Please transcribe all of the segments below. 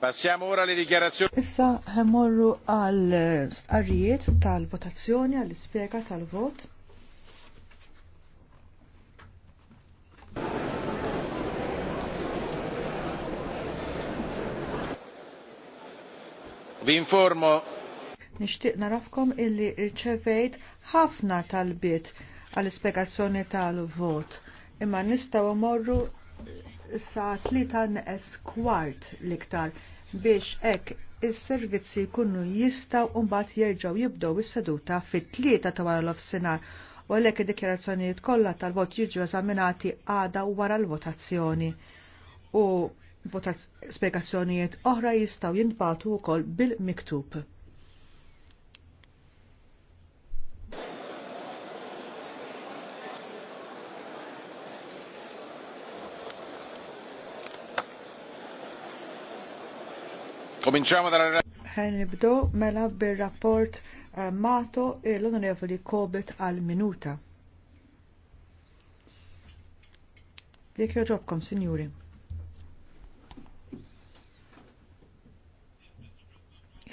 Passiamo ora alle dichiarazioni. Issa ħemorru għal arriet tal-votazzjoni għall ispjega tal-vot. Vi informo. Nixtieq narafkom illi rċevejt ħafna talbiet għall ispjegazzjoni tal-vot. Imma nistaw morru sa tlita neqes kwart liktar biex ek il-servizzi kunnu jistaw mbagħad jerġgħu jibdow is-seduta fit-tlieta ta' wara l-ofsinar u għalhekk id-dikjarazzjonijiet kollha tal-vot jiġu eżaminati għada wara l-votazzjoni. U spjegazzjonijiet oħra jistaw jinbatu wkoll bil-miktub. Cominciamo dalla mela bir-rapport eh, Mato e l-Onorevoli Kobet għal minuta. Jek joġobkom, signori.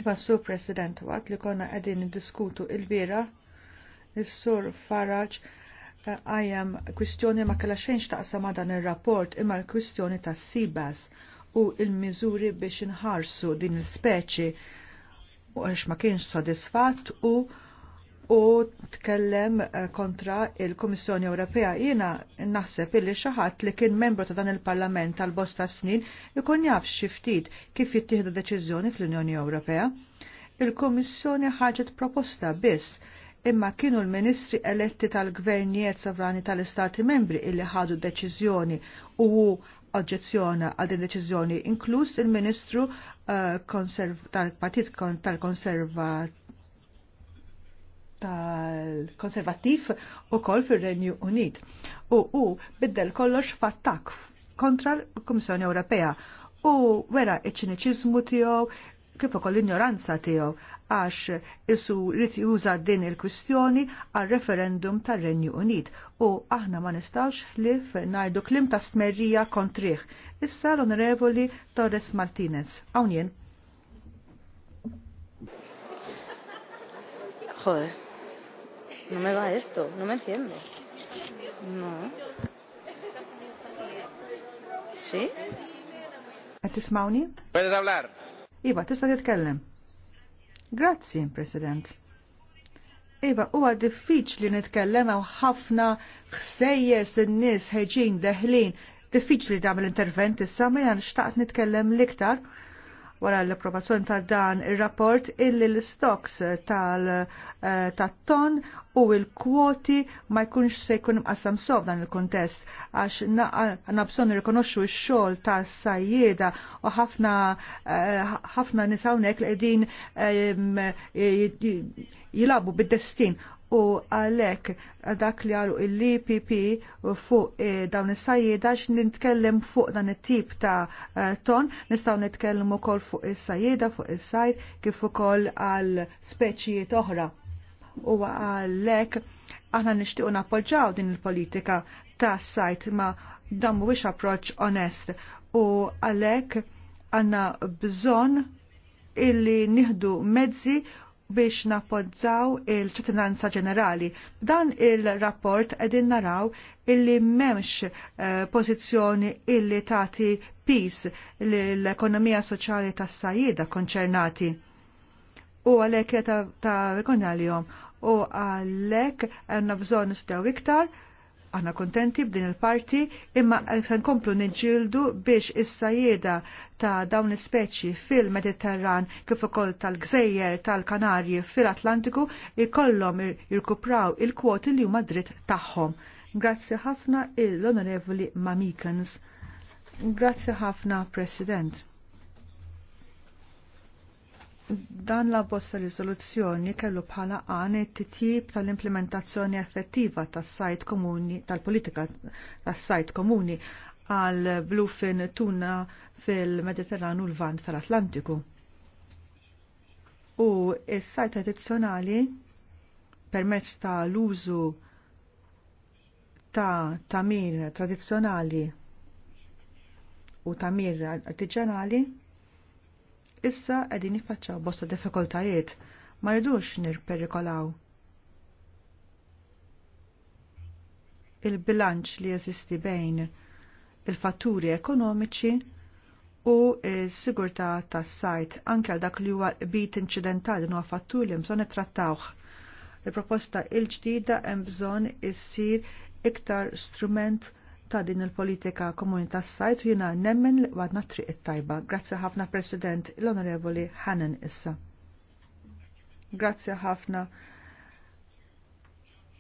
Iba sur President waqt li konna għedin diskutu il vira il-sur Faraġ eh, għajem kwistjoni ma kalla xenx ta' samadan dan il-rapport imma l-kwistjoni ta' Sibas u il-miżuri biex inħarsu din il-speċi u għax ma kienx sodisfatt u u tkellem eh, kontra il-Komissjoni Ewropea. Jiena naħseb illi xi ħadd li kien membru ta' dan il-Parlament tal-bosta snin ikun jaf xi ftit kif jittieħdu deċiżjoni fl-Unjoni Ewropea. Il-Komissjoni ħaġet proposta biss imma kienu l-ministri eletti tal-gvernijiet sovrani tal-istati membri illi ħadu deċiżjoni u oġġezzjona għal din deċiżjoni, inkluż il-Ministru eh, tal-Partit tal-Konserva tal-konservativ u kol fil-Renju Unit. U u biddel kollox fattak kontra l-Komissjoni Ewropea u wera iċ-ċiniċizmu tiegħu kif ukoll l-ignoranza tiegħu għax isu rrit juża din il-kwistjoni għal referendum tar renju Unit u aħna ma nistax li najdu klim ta' smerrija kontriħ. Issa l-Onorevoli Torres Martinez. Awnien. Joder, no me va esto, no me enciende. No. Sí? Għat tismawni? Għedet għavlar. Iva, tista titkellem. Grazzi, President. Iva, huwa diffiċli nitkellem hawn ħafna ħsejjes in-nies ħeġin deħlin. Diffiċli tagħmel intervent issa minn mela xtaqt nitkellem l-iktar wara l-approvazzjoni ta' dan ir-rapport illi l-stocks tal-ton eh, u l-kwoti ma jkunx se jkun mqassam sof dan il-kontest għax għandna bżonn x-xogħol ta' sajjieda u ħafna eh, ħafna nisawnek li qegħdin eh, jilabu bid-destin u għalek dak li għalu il-LPP fuq e, dawn is-sajjeda nitkellem fuq dan it-tip ta' e, ton, nistaw nitkellem ukoll fuq is-sajjeda, fuq is-sajt, kif ukoll għal speċijiet oħra. U għalek aħna nixtiequ nappoġġaw din il-politika ta' sajt ma dan mhuwiex approċċ onest u għalek għanna bżon illi nieħdu mezzi biex napodżaw il-ċittadinanza ġenerali. Dan il-rapport edin naraw illi memx eh, pozizjoni illi tati pis l-ekonomija soċjali tas sajida konċernati. U għalek ta' rekonjalijom u għalek għanna bżon nistaw iktar Aħna kontenti b'din il-parti imma se nkomplu niġġieldu biex is-sajjeda ta' dawn l-ispeċi fil-Mediterran kif ukoll tal-Gżejjer tal-Kanarji fil-Atlantiku jkollhom jirkupraw il-kwoti li huma dritt tagħhom. Grazzi ħafna il-Onorevoli Mamikans. Grazzi ħafna, President. Dan la bosta risoluzzjoni kellu bħala għan it-titjib tal-implementazzjoni effettiva tas-sajt komuni tal-politika tas-sajt komuni għal bluefin tuna fil-Mediterranu l-Vant tal-Atlantiku. U s sajt tradizjonali permezz ta' l-użu ta' tamir tradizzjonali u tamir artiġanali issa qegħdin jiffaċċaw bosta diffikultajiet ma rridux nirperikolaw. Il-bilanċ li jeżisti bejn il-fatturi ekonomiċi u s-sigurtà tas-sajt anke għal dak li huwa bit incidentali nuwa fattur li bżonn nittrattawh. Il-proposta il-ġdida hemm bżonn issir iktar strument ta' din il-politika komunità sajt u jina nemmen li għadna triq it-tajba. Grazzi ħafna President l-Onorevoli Hannan issa. Grazzi ħafna.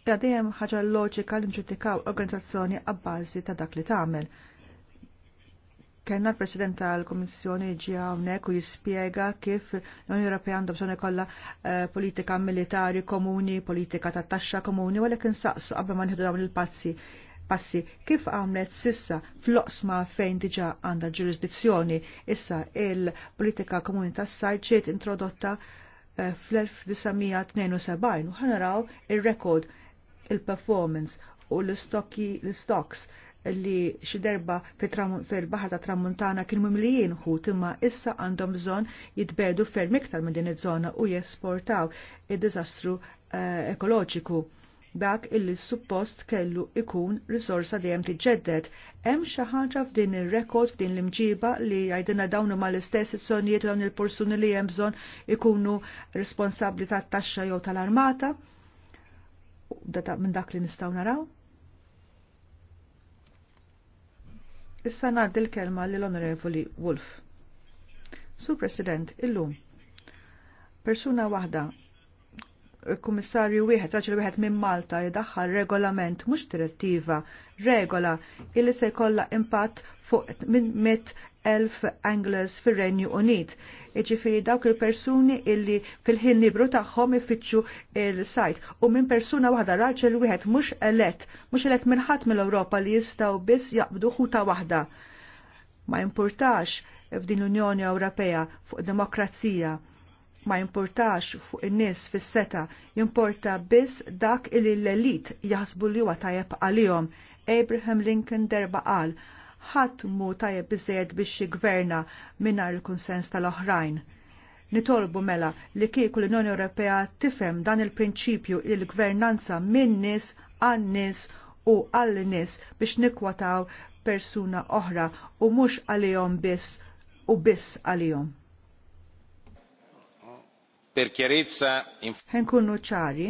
Għadajem ħaġa loġika li nġudikaw organizzazzjoni għabbażi ta' dak li tagħmel. Kenna l-President tal-Komissjoni ġi hawnhekk u jispjega kif l-Unjoni Ewropea għandha bżonn ikollha eh, politika militari komuni, politika ta' taxxa komuni, u għalhekk insaqsu qabel ma nieħdu dawn il-pazzi passi kif għamlet sissa fl-oqsma fejn diġa għanda ġurisdizzjoni. Issa il-politika komunità sajċiet introdotta eh, fl-1972 u ħanaraw il-rekord, il-performance u l l-stocks li xiderba fil-baħar ta' tramuntana kienu mimlijin hu timma issa għandhom bżon jitbedu ferm iktar minn din iż-żona u jesportaw id-diżastru eh, ekoloġiku dak illi suppost kellu ikun risorsa dejjem tiġġedded. Hemm xi ħaġa f'din ir-rekord f'din l-imġiba li jgħidilna dawn huma l-istess izzonijiet dawn il-persuni li hemm bżonn ikunu responsabbli tat-taxxa jew tal-armata. Minn dak li nistgħu naraw. Issa ngħaddi l-kelma lill-Onorevoli Wolf. Sur President, illum persuna waħda kummissarju wieħed, raġel wieħed minn Malta jidaħħal regolament mhux direttiva, regola illi se jkollha impatt fuq minn mit elf anglers fir-Renju Unit. Iġifieri dawk il-persuni illi fil-ħin libru tagħhom ifittxu il-sajt u minn persuna waħda raġel wieħed mhux elett, mhux elett minn ħadd mill-Ewropa li jistgħu biss jaqbdu ħuta waħda. Ma importax f'din l-Unjoni Ewropea fuq demokrazija ma jimportax fuq in-nies fis-seta, jimporta biss dak illi l-elit jaħsbu li huwa tajjeb għalihom. Abraham Lincoln derba qal, ħadd mu tajjeb biżejjed biex jiggverna mingħajr il-kunsens tal-oħrajn. Nitolbu mela li kieku l-Unjoni Ewropea tifhem dan il-prinċipju il-gvernanza minn nies għan nies u għall nies biex nikwataw persuna oħra u mhux għalihom biss u biss għalihom. Per chiarezza... Ħenkunu ċari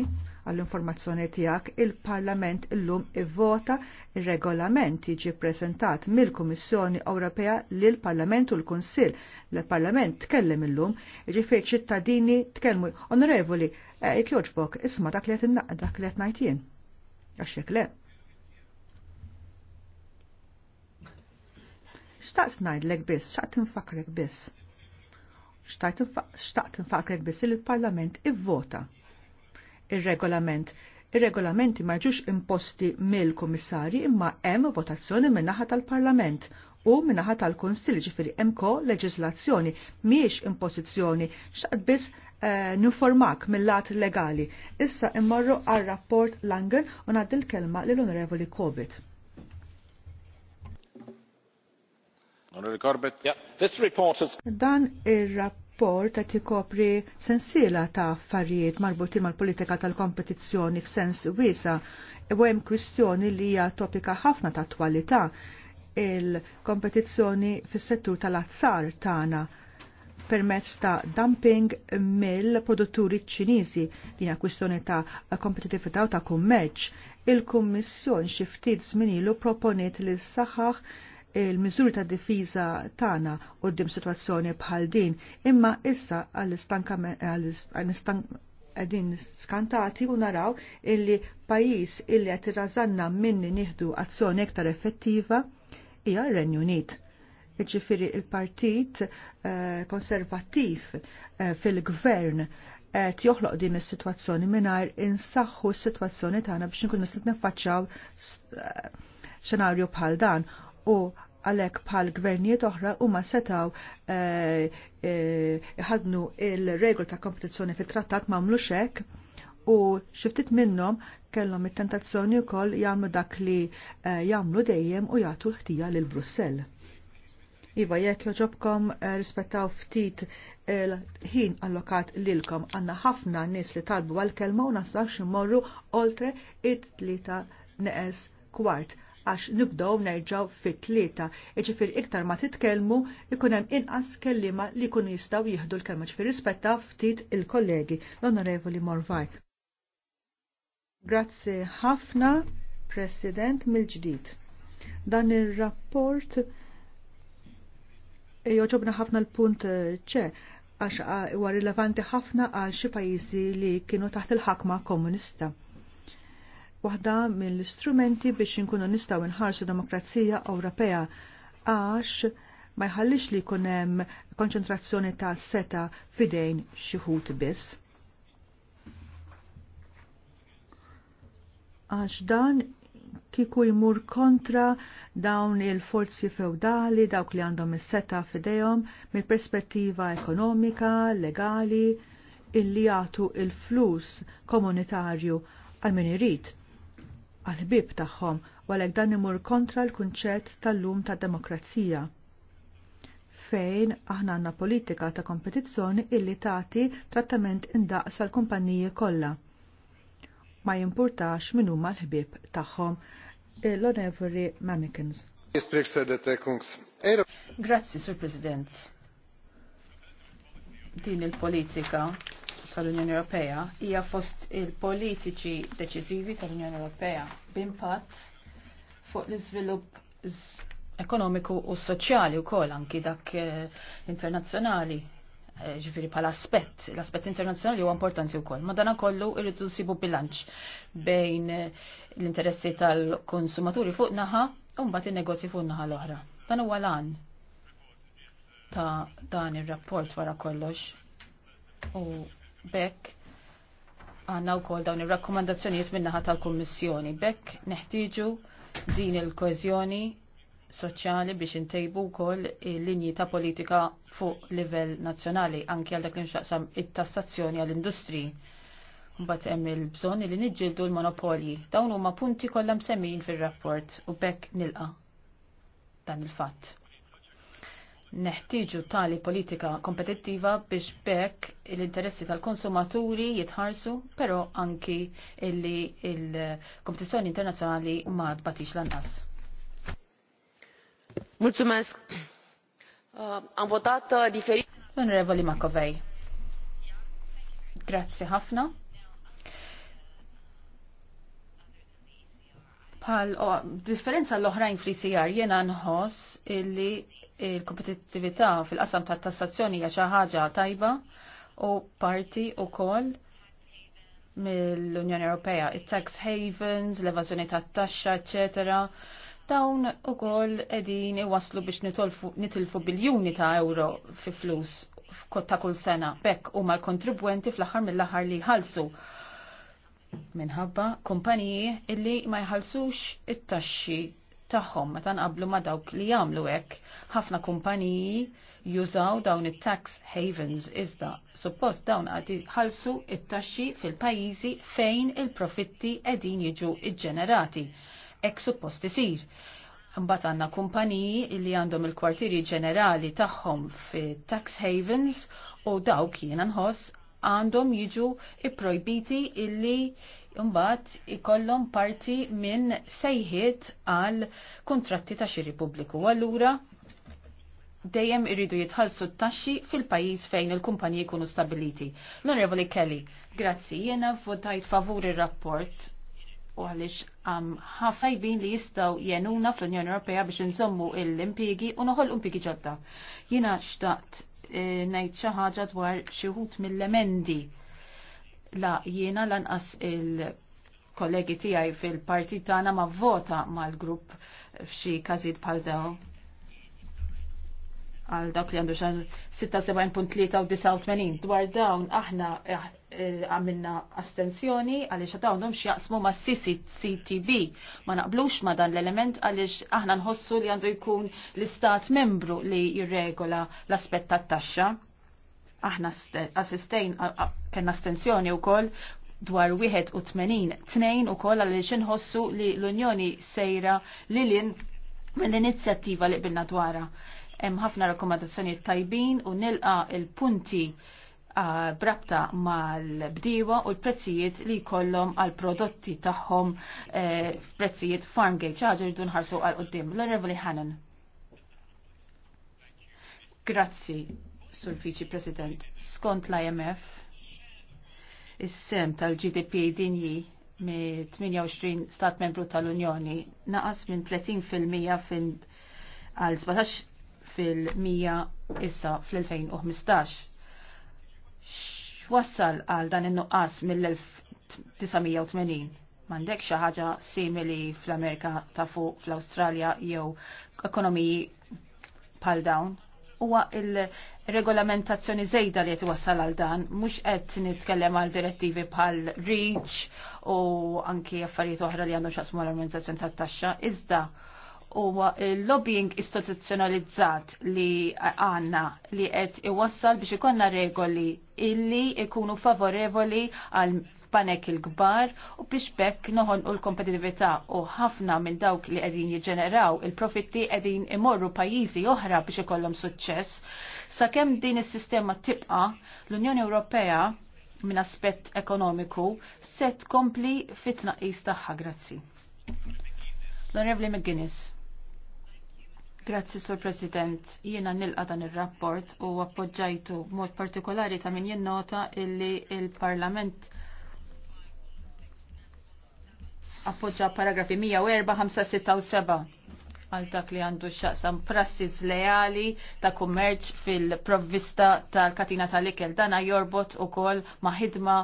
għall-informazzjoni tiegħek il-Parlament illum ivvota il regolament jiġi ppreżentat mill-Kummissjoni Ewropea lil Parlament u l-Kunsill. L-Parlament tkellem illum, ġifier ċittadini tkellmu. Onorevoli, e, jogħġbok, isma' dak li qed dak li qed ngħid jien. Għax jekk le. Xtaqt ngħidlek biss, xtaqt nfakrek biss xtaqt nfaqrek biss li l-Parlament ivvota. il regolament Ir-regolamenti ma ġux imposti mill-Kummissarji imma hemm votazzjoni min-naħa tal-Parlament u min-naħa tal-Kunsil ġifieri hemm ko leġislazzjoni mhijiex impożizzjoni x'qed biss eh, mill-lat legali. Issa immarru għal rapport Langen u ngħaddi il kelma lill-Onorevoli Corbett. Onorevoli Corbett, yeah. This report is... Dan ir-rapport rapport qed jikopri sensiela ta' affarijiet marbuti mal-politika tal-kompetizzjoni f'sens wiesa u hemm kwistjoni li hija topika ħafna ta' attwalità il-kompetizzjoni fis-settur tal-azzar tagħna permezz ta' dumping mill-produtturi ċiniżi din hija kwistjoni ta' kompetitività u ta' kummerċ. Il-Kummissjon xi ftit żminilu proponiet li saħaħ il mizuri ta' difiża tagħna qudiem sitwazzjoni bħal din, imma issa għal-istan skantati u naraw illi pajis illi qed irrażanna minni nieħdu azzjoni iktar effettiva hija r-Renju Unit. Iġifiri il-partit eh, konservattiv eh, fil-gvern qed joħloq din is-sitwazzjoni mingħajr insaħħu s-sitwazzjoni tagħna biex nkunu nislet niffaċċjaw eh, xenarju bħal dan u għalek bħal gvernijiet oħra u ma setaw eh, eh, ħadnu e, e, il-regol ta' kompetizzjoni fit-trattat ma' mluxek u xiftit minnom kellhom it-tentazzjoni wkoll jagħmlu dak li e, jagħmlu dejjem u jagħtu l-ħtija l Brussell. Iva, jekk joġobkom rispettaw ftit ħin allokat lilkom għanna ħafna nis li talbu għal-kelma u naslax morru oltre it-tlita neqes kwart għax nibdow nerġaw fit-tlieta. Iġifir iktar ma titkellmu ikun hemm inqas kellima li jkunu jistgħu jieħdu l-kelma ġifir rispetta ftit il-kollegi l-Onorevoli Morvaj. Grazzi ħafna, President mill-ġdid. Dan ir-rapport eh, joġobna ħafna l-punt eh, ċe għax eh, huwa rilevanti ħafna għal xi pajjiżi li kienu taħt il-ħakma komunista waħda mill-istrumenti biex inkunu nistgħu nħarsu demokrazija Ewropea għax ma jħallix li jkun hemm konċentrazzjoni ta' seta fidejn xi biss. Għax dan kiku jmur kontra dawn il-forzi feudali, dawk li għandhom is-seta fidejhom mill-perspettiva ekonomika, legali, illi jagħtu il-flus komunitarju għal min irid għal bib tagħhom u għalhekk dan imur kontra l-kunċett tal-lum ta' demokrazija fejn aħna għandna politika ta' kompetizzjoni illi tagħti trattament indaqs għal kumpaniji kollha. Ma jimpurtax min huma l-ħbieb tagħhom l-Onorevoli Mamikins. Grazzi, Sur President. Din il-politika tal-Unjoni Ewropea hija fost il-politiċi deċiżivi tal-Unjoni Ewropea b'impatt fuq l-iżvilupp ekonomiku u soċjali wkoll anki dak eh, internazzjonali eh, ġifiri pal aspett l-aspett internazzjonali huwa importanti wkoll. Ma dana kollu irridu sibu bilanċ bejn eh, l-interessi tal-konsumaturi fuq naħa u mbagħad in-negozji fuq naħa l-oħra. Dan huwa lan ta' dan ir-rapport wara kollox. U Bekk għanna u kol dawn il-rakkomandazzjoniet minnaħa tal-Kommissjoni. Bekk neħtiġu din il-kohezjoni soċjali biex intejbu kol linji ta' politika fuq livell nazzjonali, anki għal dak li nxaqsam it-tassazzjoni għall-industri. Mbagħad hemm il-bżonn li niġġieldu l-monopolji. Dawn huma punti kollha msemmin fir-rapport u bekk nilqa' dan il-fatt. Neħtieġu tali politika kompetittiva biex bekk l-interessi tal-konsumaturi jitħarsu, però anki illi il-kompetizzjoni internazzjonali ma tbatix lanqas. Mulțumesc. Uh, am votat uh, diferit. Onorevoli Makovej. grazie ħafna. Pal differenza l-oħrajn fl-ICR jena nħoss illi il-kompetittività fil-qasam ta' tassazzjoni hija xi ħaġa tajba u parti wkoll mill-Unjoni Ewropea, it-tax havens, l-evażjoni tat-taxxa, eċetera. Dawn ukoll qegħdin iwaslu biex nitilfu biljuni ta' euro fi flus ta' kull sena. Bekk huma l-kontribwenti fl-aħħar mill-aħħar li jħallsu minħabba kumpaniji illi ma jħalsux it-taxxi tagħhom meta nqablu ma dawk li jagħmlu hekk. Ħafna kumpaniji jużaw dawn it-tax havens iżda suppost dawn qed ħalsu it-taxxi fil-pajjiżi fejn il-profitti qegħdin jiġu iġġenerati. Hekk suppost isir. Mbagħad għandna kumpaniji li għandhom il-kwartieri ġenerali tagħhom fit-tax havens u dawk jiena nħoss għandhom jiġu ipprojbiti illi jumbat ikollhom parti minn sejħiet għal kontratti ta' xiri publiku. Allura dejjem irridu jitħallsu t-taxxi fil-pajjiż fejn il-kumpaniji jkunu stabiliti. L-Onorevoli Kelly, grazzi, jiena votajt favur ir-rapport u għalix għam ħafajbin li jistaw jenuna fl-Unjoni Ewropea biex nżommu l-impigi u noħol impigi ġodda. Jena xtaqt Eh, ngħid xi ħaġa dwar xi wħud mill-emendi. La jiena lanqas il-kollegi tiegħi fil-partit tagħna ma vota mal-grupp f'xi każijiet bħal dawn għal dawk li għandu xan 76.3 u 89 dwar dawn aħna eh, eh, għamilna astensjoni għalix dawnom xjaqsmu ma CCTB ma naqblux ma dan l-element għalix aħna nħossu li għandu jkun l-istat membru li jirregola l-aspet tat-taxxa. Aħna assistejn kena astensjoni u koll dwar 81 tnejn u koll għalix nħossu li l-Unjoni sejra li l-in mill-inizjattiva li qbilna dwarha hemm ħafna rakkomandazzjonijiet tajbin u nilqa il-punti ah, brabta mal-bdiewa u l-prezzijiet li kollom għal prodotti tagħhom eh, prezzijiet farmgate ċaġa rridu nħarsu għal qoddim. L-Onorevoli Hannon. Grazzi, Sur Viċi President. Skont l-IMF, is-sem tal-GDP dinji me 28 stat membru tal-Unjoni naqas minn 30% fin għal 17 fil-100 issa fl-2015. X'wassal għal dan in-nuqqas mill-1980? M'għandek xi ħaġa simili fl-Amerika ta' fuq fl-Awstralja jew ekonomiji pal dawn? Huwa il-regolamentazzjoni żejda li qed iwassal għal dan, mhux qed nitkellem għal direttivi bħal REACH u anki affarijiet oħra li għandhom x'aqsmu l-armonizzazzjoni tat-taxxa, iżda huwa lobbying istituzzjonalizzat li għanna li qed iwassal biex ikonna regoli illi ikunu favorevoli għal panek il-kbar u biex bekk noħon u l-kompetitività u ħafna minn dawk li qegħdin jiġġeneraw il-profitti qegħdin imorru pajjiżi oħra biex ikollhom suċċess. Sakemm din is-sistema tibqa' l-Unjoni Ewropea minn aspett ekonomiku se tkompli fitna istaħħa tagħha grazzi. L-Onorevoli McGuinness. Grazzi, Sur President. Jiena nilqa dan ir-rapport u appoġġajtu mod partikolari ta' min jinnota illi il-Parlament appoġġa paragrafi 104, 5, 6 u 7 għal dak li għandu xaqsam prassi leali ta' kummerċ fil-provvista tal-katina tal-ikel. Dana jorbot u kol maħidma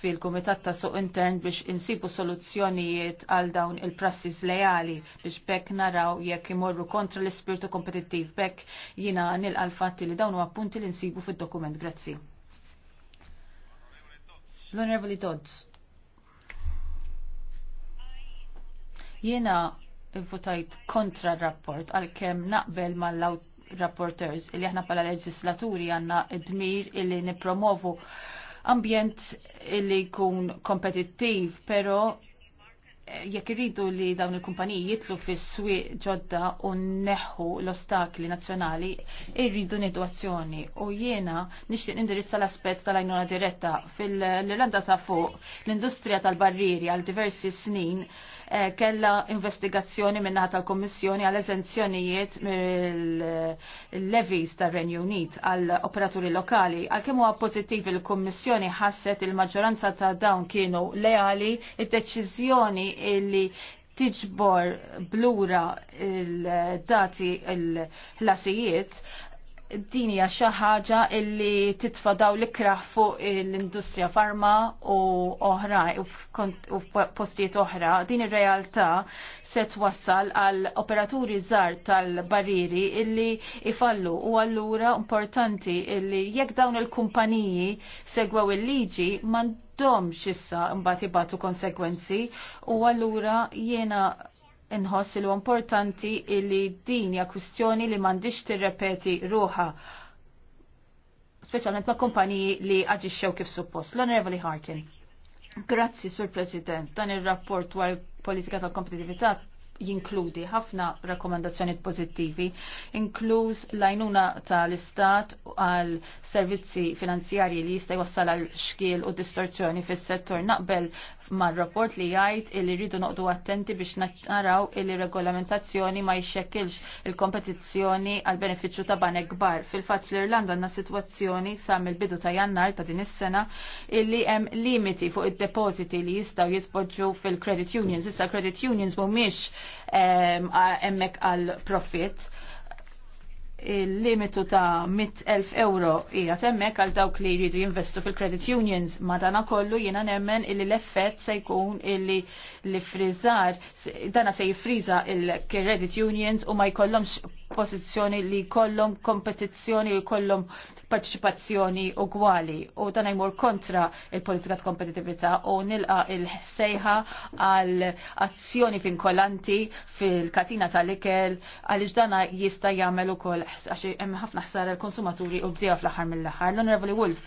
fil-Kumitat ta' Suq Intern biex insibu soluzzjonijiet għal dawn il prassis leali biex bekk naraw jekk imorru kontra l-ispirtu kompetittiv. Bekk jina nil fatti li dawn u appunti li insibu fil-dokument. Grazzi. L-Onorevoli Dodds. Jena votajt kontra r-rapport għalkemm naqbel mal-rapporters li aħna pala leġislaturi għanna dmir illi nipromovu ambjent illi jkun kompetittiv, pero jekk irridu li dawn il-kumpaniji jitlu fis swi ġodda u neħħu l-ostakli nazzjonali, irridu nidwazzjoni. azzjoni. U jiena nixtieq indirizza l-aspett tal-għajnuna diretta fil-Irlanda ta' fuq l-industrija tal-barriri għal diversi snin eh, kella investigazzjoni minnaħa tal-Kommissjoni għal eżenzjonijiet mill-levis tar renju Unit għal operaturi lokali. Għal kemmu huwa pożittiv il-Kommissjoni ħasset il-maġġoranza ta' dawn kienu leali, id-deċiżjoni illi tiġbor blura il-dati il-ħlasijiet din hija xi ħaġa illi titfa' daw l-ikraħ fuq l-industrija farma u oħra u postijiet oħra. Din ir-realtà se twassal għal operaturi żgħar tal-barriri illi ifallu u allura importanti illi jekk dawn il-kumpaniji segwew il-liġi man għandhom issa mbagħad jibatu konsekwenzi u allura jiena inħoss li importanti li din hija kwistjoni li m'għandix tirrepeti ruha speċjalment ma' kumpaniji li aġixxew kif suppost. L-Onorevoli Harkin. Grazzi, Sur President. Dan ir rapport dwar politika tal-kompetitività jinkludi ħafna rakkomandazzjoni pozittivi, inkluż lajnuna tal-Istat għal servizzi finanzjarji li jista' jwassal għal xkiel u distorzjoni fis-settur naqbel mar rapport li jgħid li rridu noqdu attenti biex naraw il regolamentazzjoni ma jxekkilx il-kompetizzjoni għal beneficju ta' banek kbar. Fil-fatt fl-Irlanda għandna sitwazzjoni sa mill-bidu ta' jannar ta' din is-sena illi hemm limiti fuq id-depożiti li jistgħu jitpoġġu fil-credit unions. Issa credit unions mhumiex hemmhekk għal profit il-limitu ta' 100.000 euro hija temmek għal dawk li jridu jinvestu fil-credit unions madana kollu jiena nemmen illi l-effett se jkun illi li frizzar dana se jifriza il-credit unions u ma jkollhomx pożizzjoni li jkollhom kompetizzjoni u jkollhom u ugwali u dan jmur kontra il-politika ta' kompetitività u nilqa il-sejħa għal azzjoni vinkolanti fil-katina tal-ikel għaliex dana jista' jagħmel ukoll għax hemm ħafna ħsara l-konsumaturi u bdiewa fl-aħħar mill-aħħar. L-Onorevoli Wolf,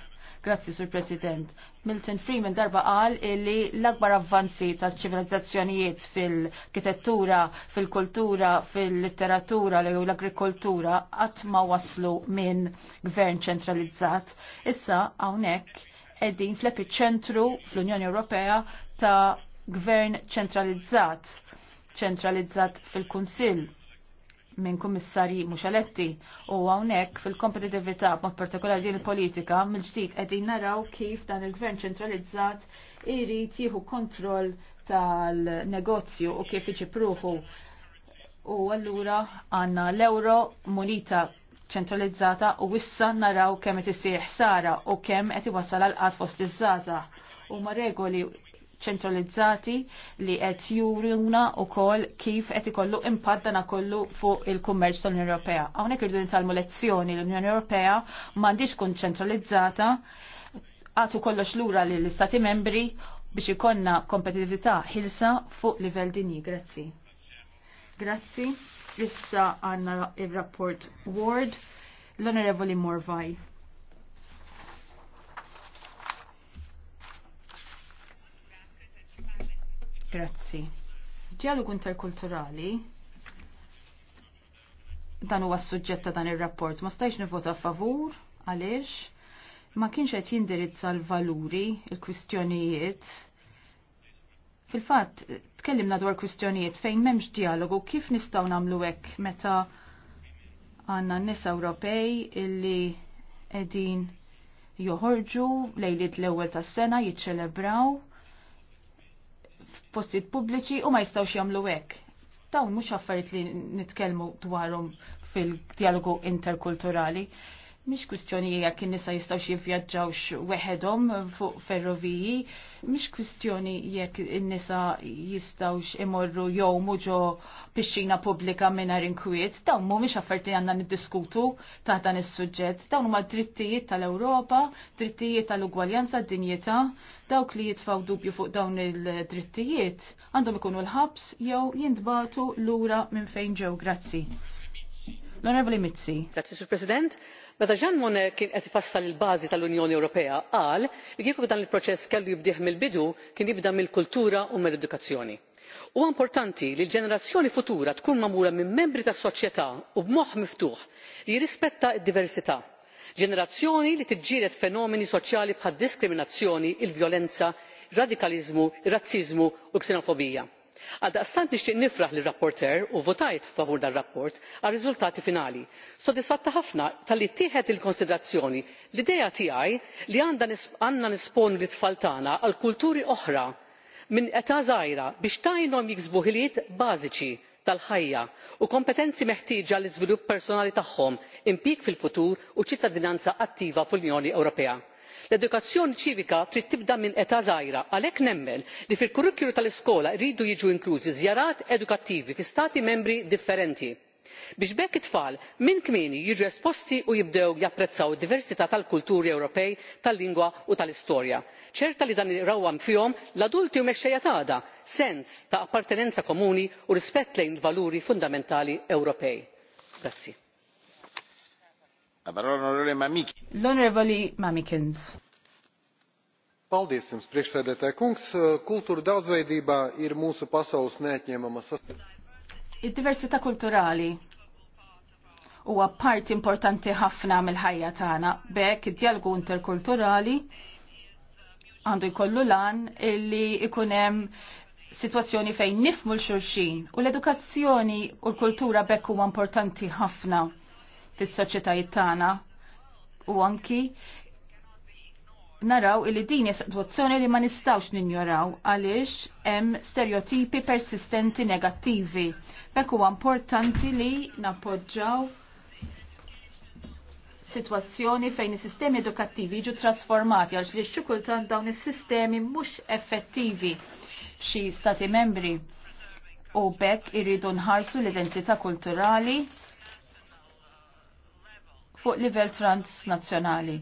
Grazzi, Sur President. Milton Freeman darba qal illi l-akbar avvanzi ta' ċivilizzazzjonijiet fil-kitettura, fil-kultura, fil-litteratura u l-agrikoltura qatt ma waslu minn gvern ċentralizzat. Issa hawnhekk qegħdin fl-epiċentru fl-Unjoni Ewropea ta' gvern ċentralizzat, ċentralizzat fil-Kunsill minn kummissarji mhux eletti u hawnhekk fil-kompetitività mod partikolari din il-politika mill-ġdid qegħdin naraw kif dan il-gvern ċentralizzat irid jieħu kontroll tal-negozju u kif iċipruħu. U allura għandna l-euro monita ċentralizzata u wissa naraw kemm qed isir ħsara u kemm qed iwassal għal qatt fost iż-żgħażagħ huma regoli ċentralizzati li qed juruna wkoll kif qed ikollu impatt dana kollu fuq il-kummerċ tal-Unjoni Ewropea. Hawnhekk irridu nitalmu lezzjoni l-Unjoni Ewropea m'għandix tkun ċentralizzata għatu kollox lura lill istati membri biex ikonna kompetitività ħilsa fuq livell dinji. Grazzi. Grazzi. Issa għanna il-rapport Ward l-Onorevoli Morvaj. Grazzi. Dialogu interkulturali dan huwa s-suġġett ta' dan ir-rapport ma stajx nivvota favur għaliex ma kienx qed jindirizza l-valuri, il-kwistjonijiet. Fil-fatt, tkellimna dwar kwistjonijiet fejn m'hemmx dialogu kif nistgħu nagħmlu hekk meta għandna n-nies Ewropej illi qegħdin joħorġu lejliet l-ewwel tas-sena jiċċelebraw postijiet pubbliċi u ma jistawx jagħmlu hekk. Dawn mhux affarijiet li nitkellmu dwarhom fil-dialogu interkulturali. Mhix kwistjoni jekk in-nisa jistgħu jivvjaġġawx weħedhom fuq ferroviji, mhix kwistjoni jekk in-nisa jistgħux imorru jowmu ġo pixxina pubblika mingħajr inkwiet, dawn mhumiex afferti għandna niddiskutu taħt dan is-suġġett. Dawn huma drittijiet tal-Ewropa, drittijiet tal-ugwaljanza, d-dinjità, dawk li jitfaw dubju fuq dawn il-drittijiet għandhom ikunu l-ħabs jew jintbatu lura minn fejn ġew. Grazzi. L-Onorevoli Mizzi. Grazzi, Sur President meta jean monnet kien qed ifassal il bażi tal-unjoni ewropea qal li kieku dan il-proċess kellu jibdih mill bidu kien jibda mill-kultura u mill-edukazzjoni. huwa importanti li l-ġenerazzjoni futura tkun magħmula minn membri tas soċjetà u b'moħħ miftuħ li jirrispetta d-diversità ġenerazzjoni li tiġġieled fenomeni soċjali bħad diskriminazzjoni il vjolenza radikalizmu, radikaliżmu ir razziżmu u ksenofobija għaldaqstant nixtieq nifraħ lir-rapporteur u votajt favur dar-rapport għar-riżultati finali sodisfatta ħafna talli ttieħed il konsiderazzjoni l-idea tiegħi li għandna nispon lit-tfal tagħna għal kulturi oħra minn età żgħira biex tgħinhom jiksbu ħiliet bażiċi tal ħajja u kompetenzi meħtieġa għall iżvilupp personali tagħhom impjieg fil futur u ċittadinanza attiva fl-unjoni ewropea l-edukazzjoni ċivika trid tibda minn età żgħira għalhekk nemmen li fil-kurrikulu tal-iskola jridu jiġu inklużi żjarat edukattivi fi stati membri differenti biex b'hekk it-tfal minn kmieni jiġu esposti u jibdew japprezzaw id-diversità tal-kulturi ewropej tal-lingwa u tal-istorja ċerta li dan irawwam fihom l-adulti u mexxejja tagħna sens ta' appartenenza komuni u rispett lejn valuri fundamentali ewropej. La parola Mamikins. Mamikins. Paldies jums, priekšsēdētāj kungs. Kultūra daudzveidībā ir mūsu pasaules neatņemama sastāvdaļa. Id-diversità kulturali huwa parti importanti ħafna mill-ħajja tagħna. Bekk id dialgu interkulturali għandu jkollu lan illi ikun hemm sitwazzjoni fejn nifmu l xulxin u l-edukazzjoni u l-kultura bekk huwa importanti ħafna fis-soċjetajiet tagħna u anki naraw li din hija li ma nistgħux ninjoraw għaliex hemm stereotipi persistenti negattivi. Bekk huwa importanti li napoġġaw situazzjoni fejn is-sistemi edukattivi jiġu trasformati għal li x-xikultant dawn is-sistemi mhux effettivi f'xi stati membri. U bekk irridu nħarsu l-identità kulturali fuq livell transnazzjonali.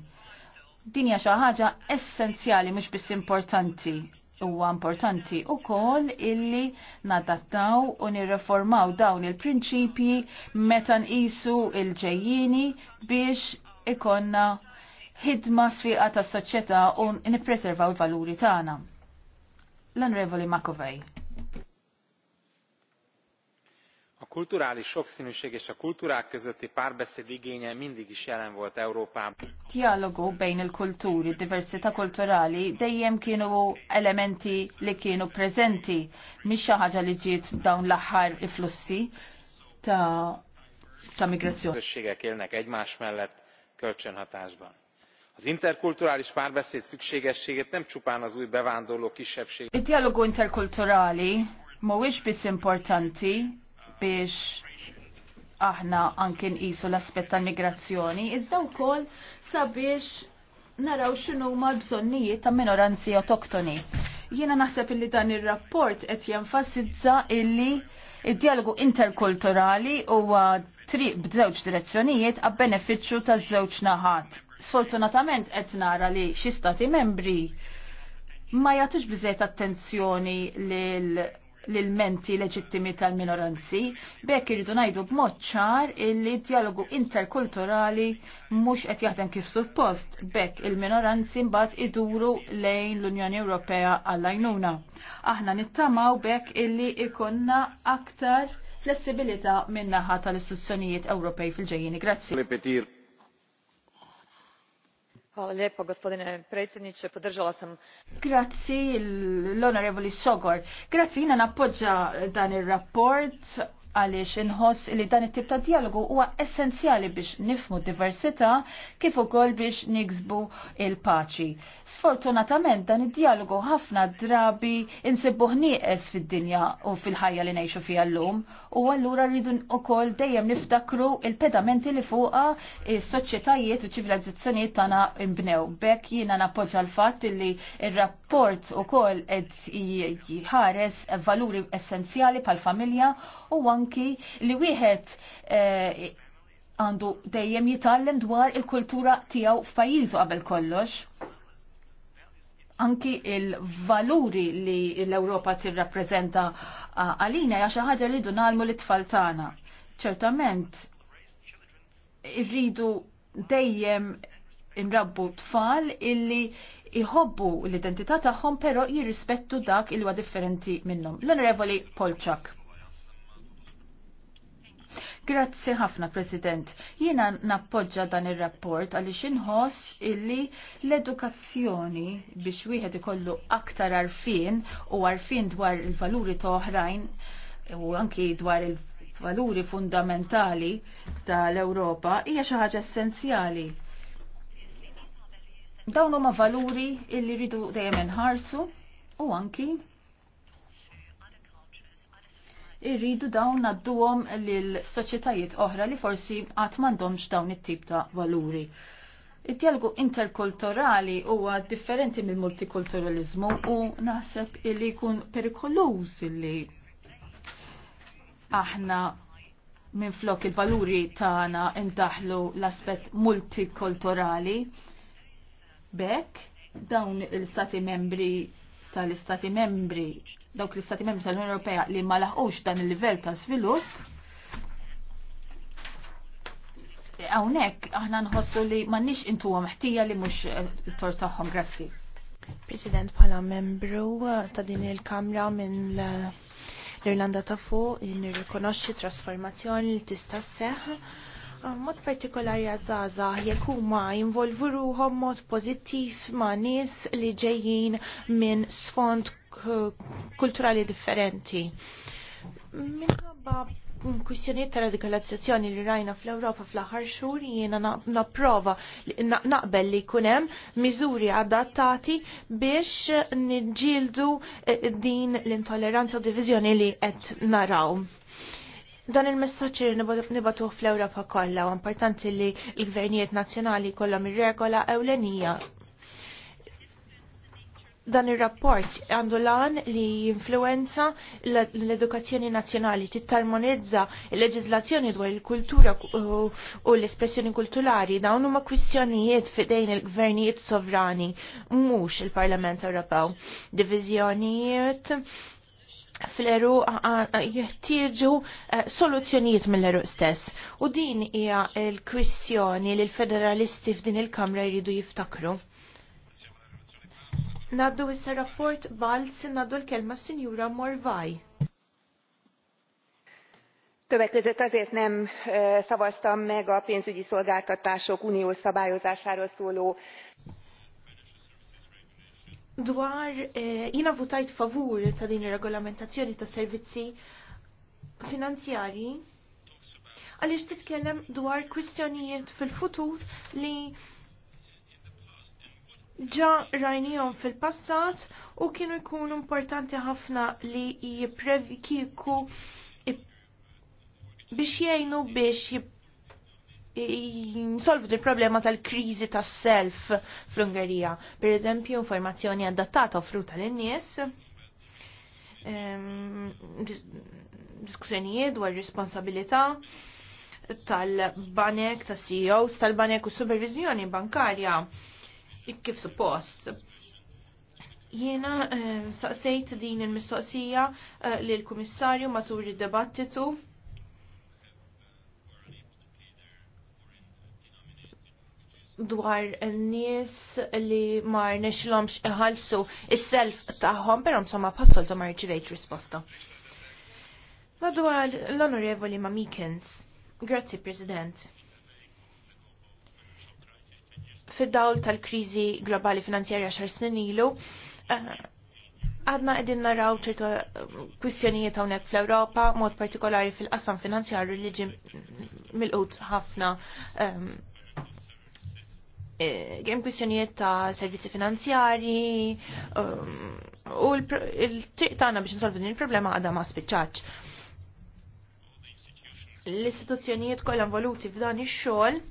Din hija xi ħaġa essenzjali mhux biss importanti huwa importanti u kol illi nadattaw u nirreformaw dawn il-prinċipji meta nqisu il-ġejjini biex ikonna ħidma sfiqa tas soċjetà u nippreservaw il-valuri tagħna. L-Onorevoli Makovej. kulturális sokszínűség és a kultúrák közötti párbeszéd igénye mindig is jelen volt Európában. Dialogu bejn il-kulturi, diversita kulturali dejjem kienu elementi li kienu prezenti, mhix xi ħaġa li ġiet dawn laħar aħħar iflussi ta' ta' migrazzjoni. Közösségek élnek egymás mellett kölcsönhatásban. Az interkulturális párbeszéd szükségességét nem csupán az új bevándorló kisebbség. Id-dialogu interkulturali mhuwiex biss importanti Biex aħna anke nqisu l-aspett tal-migrazzjoni, iżda wkoll sabiex naraw x'inhu ma bżonnijiet ta' minoranzi autoktoni. Jiena naħseb illi dan ir-rapport qed jenfasizza illi id-dialogu interkulturali huwa triq b'żewġ direzzjonijiet għab beneficju ta' żewġ naħat. Sfortunatament qed nara li xi stati membri ma jagħtux biżejt attenzjoni lil l-menti leġittimi tal-minoranzi, bekk irridu ngħidu b'mod ċar illi dialogu interkulturali mhux qed jaħdem kif suppost, bekk il-minoranzi mbagħad iduru lejn l-Unjoni Ewropea għall-għajnuna. Aħna nittamaw bekk illi ikonna aktar flessibilità min-naħa tal-istituzzjonijiet Ewropej fil-ġejjini. Grazzi. Grazie l'onorevole l-onorevoli sogor grazie, jiena nappoġġja dan ir-rapport għaliex inħoss li dan it-tip ta' dialogu huwa essenzjali biex nifmu diversità kif ukoll biex niksbu il-paċi. Sfortunatament dan id-dialogu ħafna drabi insibbu ħnieqes fid-dinja u fil-ħajja li ngħixu fiha llum u allura rridu wkoll dejjem niftakru il-pedamenti li fuqha is-soċjetajiet u ċivilizzazzjonijiet tagħna nbnew. Bekk jiena nappoġġa l-fatt li r rapport ukoll qed jħares valuri essenzjali bħal-familja u anki li wieħed eh, għandu dejjem jitallem dwar il-kultura tiegħu f'pajjiżu qabel kollox. Anki il-valuri li l-Ewropa tirrappreżenta eh, għalina hija xi ħaġa rridu nagħmlu l-itfal tagħna. Ċertament irridu dejjem inrabbu tfal illi iħobbu l-identità tagħhom però jirrispettu dak il huwa differenti minnhom. L-Onorevoli Polczak. Grazzi ħafna, President. Jiena nappoġġa dan ir-rapport għaliex inħoss illi l-edukazzjoni biex wieħed ikollu aktar arfin u arfin dwar il-valuri ta' oħrajn u anki dwar il-valuri fundamentali tal-Ewropa hija xi ħaġa essenzjali dawn huma valuri illi rridu dejjem inħarsu u anki irridu dawn nadduhom l soċjetajiet oħra li forsi qatt m'għandhomx dawn it-tip ta' valuri. id dialgu interkulturali huwa differenti mill-multikulturalizmu u naħseb li jkun perikolus li aħna minn flok il-valuri tagħna indaħlu l-aspett multikulturali bekk dawn il-stati membri tal-istati membri, dawk l-istati membri tal-Unjoni Ewropea li ma laħqux dan il-livell ta' svilupp, hawnhekk aħna nħossu li m'għandniex intuwa meħtija li mhux t eh, tor tagħhom. Grazzi. President bħala membru ta' din il-Kamra minn l-Irlanda ta' fuq nirrikonoxxi trasformazzjoni li tista' sseħħ. Mod partikolari għazzaza jekk huma jinvolvu ruhom mod pozittif ma' nies li ġejjin minn sfond kulturali differenti. Minħabba kwistjoniet ta' radikalizzazzjoni li rajna fl-Ewropa fl-aħħar xhur jiena napprova naqbel li jkun hemm miżuri adattati biex niġġieldu eh, din l-intolleranza u diviżjoni li qed naraw. Dan il-messaġġ li nibatuh fl-Ewropa kollha u importanti li l-gvernijiet nazzjonali kollhom ir-regola ewlenija dan ir-rapport għandu lan li jinfluenza l-edukazzjoni nazzjonali tittarmonizza l leġizlazzjoni dwar il-kultura u l-espressjoni kulturali dawn huma kwistjonijiet fidejn il-gvernijiet sovrani mhux il-Parlament Ewropew. Diviżjonijiet fl-eru jittirġu eh, soluzzjonijiet mill-eru stess. U din hija l-kwistjoni li l-federalisti f'din il-Kamra jridu jiftakru. Naddu issa rapport Balz naddu l-kelma Sinjura Morvaj. Többek között azért nem eh, szavaztam meg a pénzügyi szolgáltatások uniós szabályozásáról szóló dwar eh, jina votajt favur ta' din regolamentazzjoni ta' servizzi finanzjari għaliex titkellem dwar kwistjonijiet fil-futur li ġa rajnijom fil-passat u kienu jkunu importanti ħafna li jiprevi kiku biex jgħinu biex jiprevi solvu il-problema tal-krizi tas-self fl-Ungerija. Per eżempju, informazzjoni adattata offruta l-nies, ehm, diskussjonijiet dwar responsabilità tal-banek, tas-CEOs, tal-banek u supervizjoni bankarja kif suppost. Jiena eh, saqsejt din il-mistoqsija eh, l kummissarju matul id-debattitu dwar n-nies li ma nexlomx iħalsu is-self taħħom, pero insomma passol ta' marċivejċ risposta. Nadu dwar l-onorevoli ma' Meekins. Grazzi, President. Fid-dawl tal-krizi globali finanzjarja xar snin ilu, eh, għadna għedin naraw ċertu eh, kwistjonijiet hawnhekk fl-Ewropa, mod partikolari fil-qasam finanzjarju li ġim mil qut ħafna um, Għem eh, kwistjonijiet ta' servizzi finanzjari um, u l-triq tagħna biex insolvu din il-problema għadha ma spiċċaċ. L-istituzzjonijiet kollha involuti f'dan ix-xogħol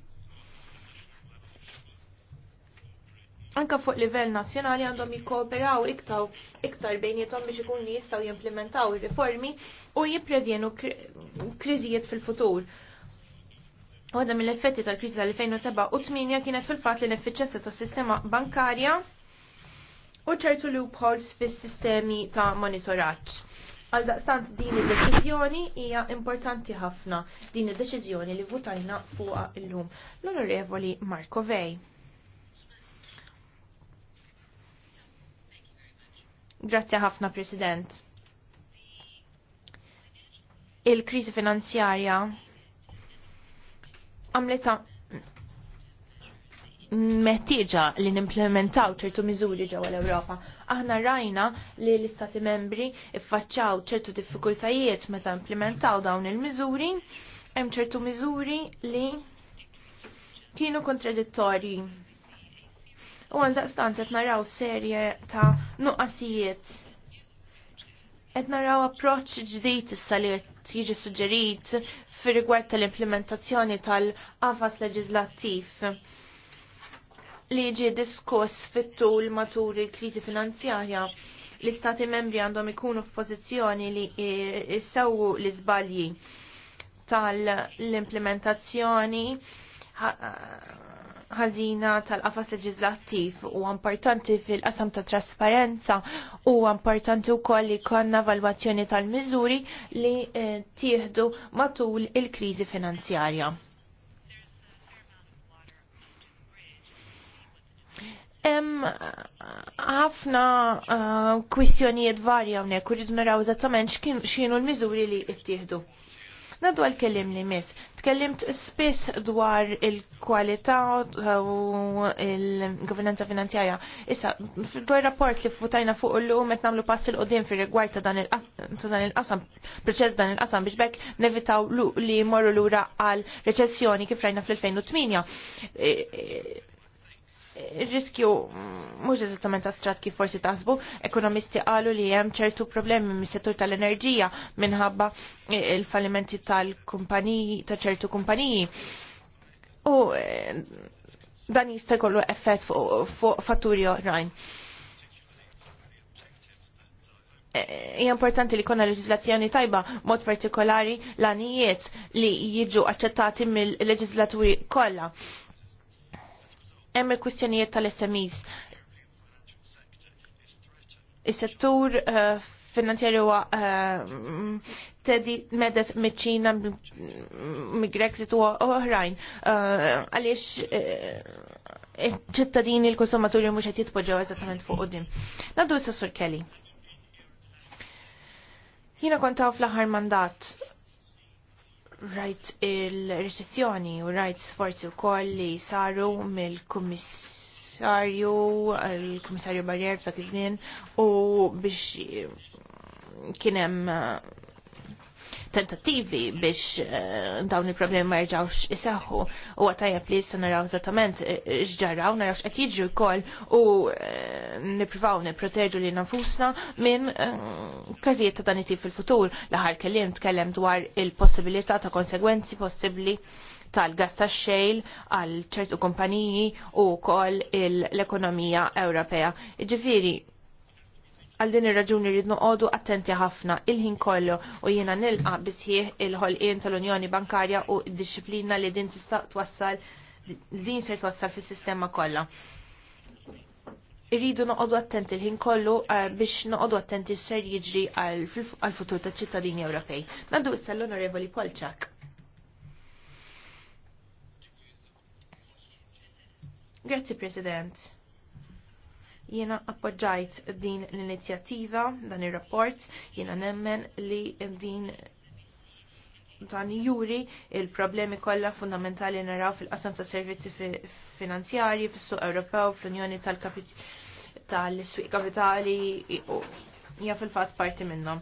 anka fuq livell nazzjonali għandhom jikkooperaw iktar iktar bejnietom biex ikun jistgħu jimplementaw ir-riformi u jipprevjenu kriżijiet fil-futur. Għadda mill-effetti tal krizi tal-2007 u 8 kienet fil-fat li l-effiċenza tas-sistema bankarja u ċertu loopholes fis-sistemi ta' monitoraċ. Għal daqstant din id-deċiżjoni hija importanti ħafna din id-deċiżjoni li votajna fuqha illum l-Onorevoli Marko Vej. Grazie ħafna President. Il-kriżi finanzjarja għamleta mettieġa li nimplementaw ċertu miżuri ġewwa l-Ewropa. Aħna rajna li l-Istati membri iffaċċaw ċertu diffikultajiet meta implementaw dawn il-miżuri, hemm ċertu miżuri li kienu kontradittori. U għal qed naraw serje ta' nuqqasijiet Qed naraw approċċ ġdid issa li qed suġġerit fir-rigward tal-implementazzjoni tal-qafas leġislattiv li jiġi diskuss fit-tul matul il-kriżi finanzjarja l-istati membri għandhom ikunu f'pożizzjoni li jissewwu l-iżbalji tal-implementazzjoni ħażina tal-qafas leġislattiv u importanti fil-qasam ta' trasparenza u importanti wkoll li konna valwazzjoni tal-miżuri li eh, tieħdu matul il-kriżi finanzjarja. Hemm ħafna eh, kwistjonijiet varja hawnhekk u rridu naraw eżattament x'kienu l-miżuri li ttieħdu. Nadwa l kellim li mis, tkellimt spiss dwar il-kwalità u il-governanza finanzjarja. Issa, dwar rapport li futajna fuq l-lum et namlu pass il-qoddim fi rigward ta' dan il-qasam, proċess dan il-qasam biex bekk nevitaw li morru l-ura għal reċessjoni kif rajna fl-2008 e, e, riskju mhux eżattament astrat kif forsi taħsbu, ekonomisti qalu li hemm ċertu problemi mis-settur tal-enerġija minħabba il-fallimenti tal-kumpaniji ta' ċertu kumpaniji. U eh, dan jista' jkollu effett fuq fatturi oħrajn. Eh, hija importanti li konna leġislazzjoni tajba mod partikolari l-anijiet li jiġu aċċettati mill-leġislaturi kollha Hemm il-kwistjonijiet tal-SMEs. Is-settur eh, finanzjarju huwa eh, tedi medet miċ-Ċina grexit u oħrajn. Eh, għaliex ċittadini l-konsumaturi mhux qed jitpoġġew eżattament fuq qudiem. Nadu issa Sur Kelly. Jiena kontaw fl-aħħar mandat rajt il-recessjoni u rajt sforzi u koll li saru mill-kummissarju, l-kummissarju barrier f'dak iż-żmien u biex kienem tentattivi biex eh, dawn il-problemi ma jirġawx isaħħu u għatajja li jissa naraw eżattament eh, xġaraw, naraw xqed jiġu jkoll u eh, niprivaw niproteġu li nafusna minn każijiet ta' danitif fil-futur. L-aħħar kellim tkellem dwar il-possibilità ta' konsegwenzi possibbli tal-gas ta' xejl għal ċertu kumpaniji u kol l-ekonomija Ewropea. Ġifiri, għal din ir-raġuni rrid noqogħdu attenti ħafna il-ħin kollu u jiena nilqa' bisħieħ il-ħolqien tal-Unjoni Bankarja u d-disciplina li din tista' twassal din se twassal fis-sistema kollha. Irridu noqogħdu attenti l-ħin kollu eh, biex noqogħdu attenti x'ser jiġri għall futur taċ-ċittadini Ewropej. Nandu issa l-Onorevoli Polċak. Grazzi President. Jiena appoġġajt din l-inizjattiva, dan ir-rapport, jiena nemmen li din dan juri il-problemi kollha fundamentali naraw fil-qasam ta' servizzi finanzjarji fis-suq Ewropew, fl-Unjoni tal-Suq Kapitali hija fil-fatt parti minnhom.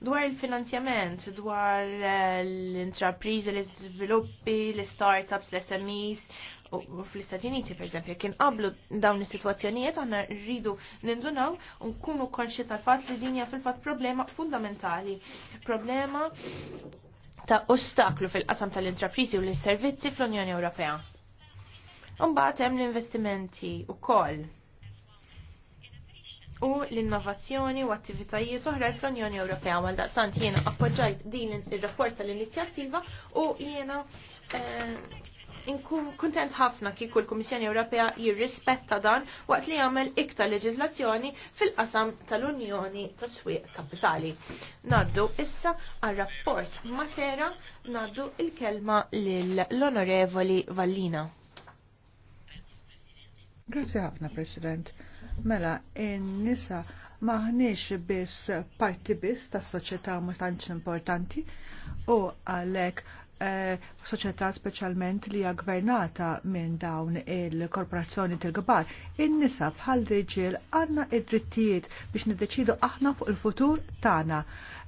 Dwar il-finanzjament, dwar eh, l-intrapriżi, l-iżviluppi, l-startups, l-SMEs, fl-Istati Uniti, per eżempju, kien qablu dawn is-sitwazzjonijiet aħna rridu nindunaw u nkunu konxi tal-fatt li dinja fil-fatt problema fundamentali, problema ta' ostaklu fil-qasam tal-intraprizi u l-servizzi fl-Unjoni Ewropea. Umbagħad hemm l-investimenti wkoll u l-innovazzjoni u attivitajiet oħra fl-Unjoni Ewropea. Għal daqstant jiena appoġġajt din ir rapport tal-inizjattiva u jiena eh, inkun kuntent ħafna kieku l-Kummissjoni Ewropea jirrispetta dan waqt li jagħmel iktar leġiżlazzjoni fil-qasam tal-Unjoni tas-Swieq Kapitali. Naddu issa għal rapport Matera naddu il-kelma lill-Onorevoli Vallina. Grazie ħafna, President. Mela, in-nisa maħniex biss parti biss ta' soċjetà mutantx importanti u għalek Eh, soċjetà speċjalment li hija gvernata minn dawn il-korporazzjoni tal-kbar, in-nisa bħal riġiel għandna id-drittijiet biex niddeċidu aħna fuq il-futur tagħna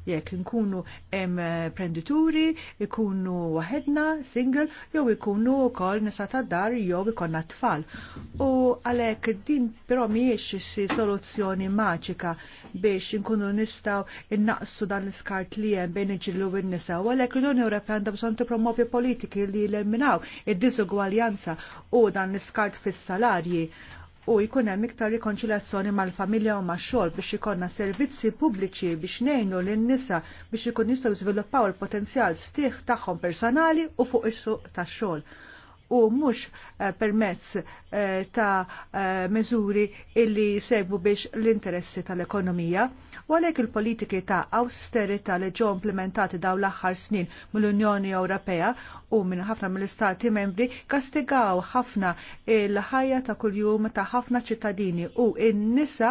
jekk nkunu hemm prendituri, ikunu waħedna, single, jew ikunu wkoll nisa ta' dar jew ikonna tfal. U għalhekk din però mhijiex xi soluzzjoni maċika biex inkunu nistgħu innaqsu dan l-iskart li hemm bejn iġilu u n-nisa. U għalhekk l-Unjoni Ewropea għandha bżonn tippromovi politiki li jlemminaw id-disugwaljanza u dan l-iskart fis-salarji u jkun hemm iktar rikonċiljazzjoni mal-familja u max-xogħol biex ikollna servizzi pubbliċi biex ngħinu lin-nisa biex ikun jistgħu jiżviluppaw il-potenzjal stih tagħhom personali u fuq is-suq tax-xogħol u mhux eh, permezz eh, ta' eh, miżuri illi jsejbu biex l-interessi tal-ekonomija. U għalhekk il-politiki ta' austerita li ġew implementati daw l-aħħar snin mill-Unjoni Ewropea u minn ħafna mill-Istati membri kastigaw ħafna il-ħajja ta' kuljum ta' ħafna ċittadini u in-nisa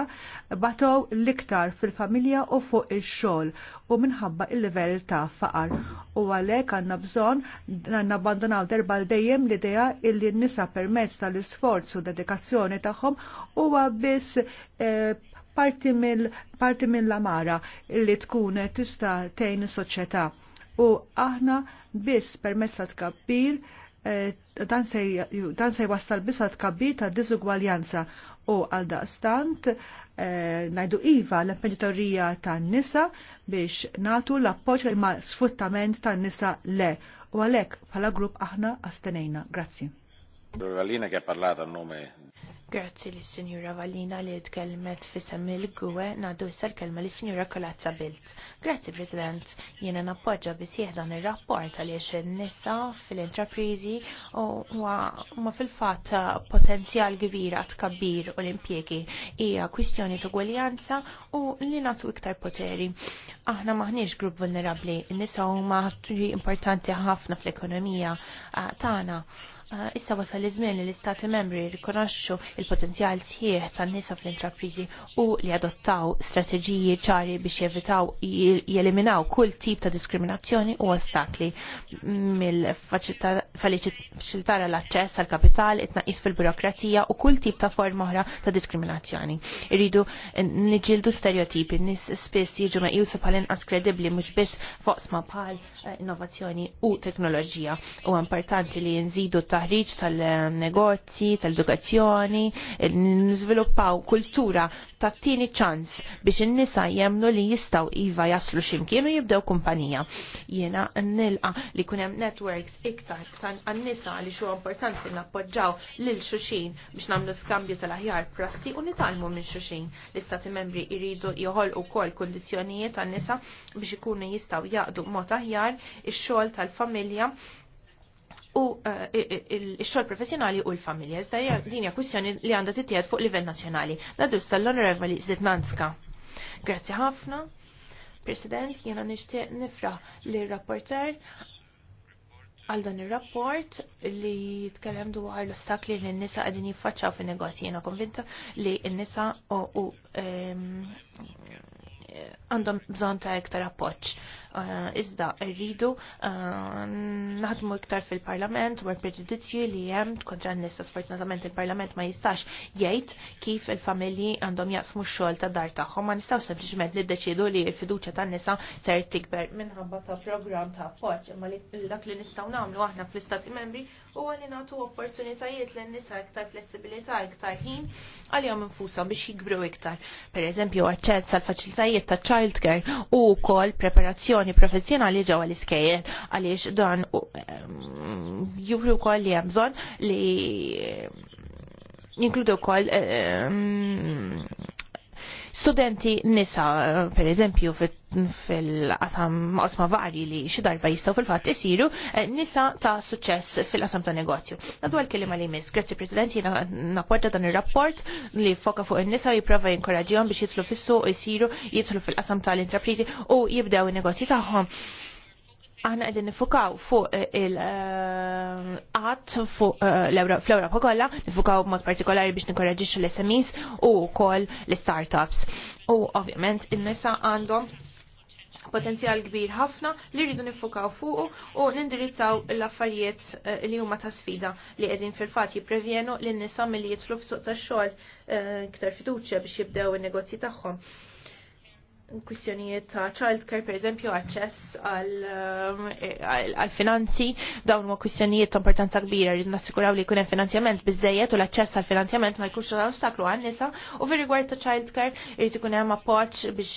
batow l-iktar fil-familja u fuq ix-xogħol u minħabba il-livell ta' faqar. U għalhekk għandna bżonn nabbandonaw darba dejjem l-idea illi n-nisa permezz tal-isforz u dedikazzjoni tagħhom huwa biss eh, parti mill-amara li tkun tista tejn soċjetà. U aħna biss permezz ta' tkabbir eh, dan se jwassal biss tkabbir ta' diżugwaljanza u għal daqstant eh, najdu iva l-imprenditorija tan nisa biex natu l-appoċ ma' sfruttament tan nisa le. U għalek bħala grupp aħna astenejna. Grazzi che ha parlato a nome. Grazzi li signora Valina li tkellmet fissam il-gwe naddu issa l-kelma li signora Kolazza Bilt. Grazzi President, jiena nappoġġa bisieħ dan ir-rapport għaliex in-nisa fil u ma fil-fatt potenzjal kbir għat kabbir u l-impjegi hija kwistjoni ta' gwaljanza u li nagħtu iktar poteri. Aħna maħniex grupp vulnerabbli, nissa nisa huma importanti ħafna fl-ekonomija eh, tagħna. Issa wasal li żmien li l-Istati membri rikonoxxu il-potenzjal sħiħ tan-nisa fl-intrapriżi u li adottaw strateġiji ċari biex jevitaw jeliminaw kull tip ta' diskriminazzjoni u ostakli mill-faċilitara l-aċċess għal kapital, it-naqis fil-burokrazija u kull tip ta' forma oħra ta' diskriminazzjoni. Irridu niġildu stereotipi, nis spiss jiġu meqjusu bħal-inqas kredibbli mhux biss foqsma bħal eh, innovazzjoni u teknoloġija. U importanti li nżidu ta' taħriġ tal-negozji, tal-edukazzjoni, nżviluppaw kultura ta' tieni ċans biex in-nisa jemnu li jistaw iva jaslu ximkien u jibdew kumpanija. Jiena nilqa li kunem networks iktar tan għan-nisa li xu importanti nappoġġaw lil xuxin biex namlu skambju tal-aħjar prassi u nitalmu minn xuxin. L-istati membri iridu joħolqu kol kondizjonijiet għan-nisa biex ikunu jistaw jaqdu mod aħjar ix-xogħol tal-familja u eh, il-xol professjonali u l-familja. Iżda dinja kwistjoni li għandha titjed fuq livell nazzjonali. Nadu sall onorevoli Zidnanska. Grazzi ħafna. President, jena nishtiq nifra li rapporter għal dan il-rapport li jitkellem dwar l-ostakli li n-nisa għadin jiffaċċaw fin negozji jena konvinta li n-nisa u għandhom bżon ta' iktar appoċ Eh, iżda rridu eh, naħdmu iktar fil-parlament u preġudizzji li hemm kontra n-nisa sfortunatament il-parlament ma jistax jgħid kif il-familji għandhom jaqsmu x-xogħol ta' dar tagħhom ma nistgħu sempliċement niddeċiedu li l-fiduċja tan-nisa ser tikber minħabba ta' programm ta' appoġġ imma dak li nistgħu nagħmlu aħna fl-istati membri huwa li nagħtu opportunitajiet lin-nisa iktar flessibilità iktar ħin għalihom infushom biex jikbru iktar. Per eżempju, aċċess għal faċilitajiet ta' childcare u kol preparazzjoni kwalifikazzjoni professjonali ġew l-iskejjel għaliex dan ehm, juru kol li jemżon li ehm, jinkludu kol ehm, studenti nisa, per eżempju, fil-qasam osma vari li xi darba jistgħu fil-fatt isiru eh, nisa ta' suċċess fil-qasam ta' negozju. Nadwar kelima li miss, grazzi President, jiena nappoġġa dan ir-rapport li foka fuq in-nisa jipprova jinkoraġġihom biex jitlu fis-suq isiru jitlu fil-qasam tal-intrapriżi u jibdew in-negozji tagħhom aħna għedin nifukaw fuq eh, il-qat eh, fuq fl-Europa eh, kollha, nifukaw b'mod partikolari biex nikorreġixxu l-SMEs u wkoll l-startups. U ovvjament in-nisa għandhom potenzjal kbir ħafna li rridu nifukaw fuq u nindirizzaw l-affarijiet li huma ta' sfida li qegħdin fil-fatt jipprevjenu lin nisa milli jitlu f'suq tax-xogħol iktar fiduċja biex jibdew in-negozji tagħhom kwistjonijiet ta' child care, per eżempju, access għal eh, finanzi, dawn ma' kwistjonijiet ta' importanza kbira, rrid nassikuraw li kunem finanzjament bizzejiet u l-access għal finanzjament ma' jkunx ta' ostaklu għan nisa, u fi rigward ta' child care, rrid ikun hemm appoġġ biex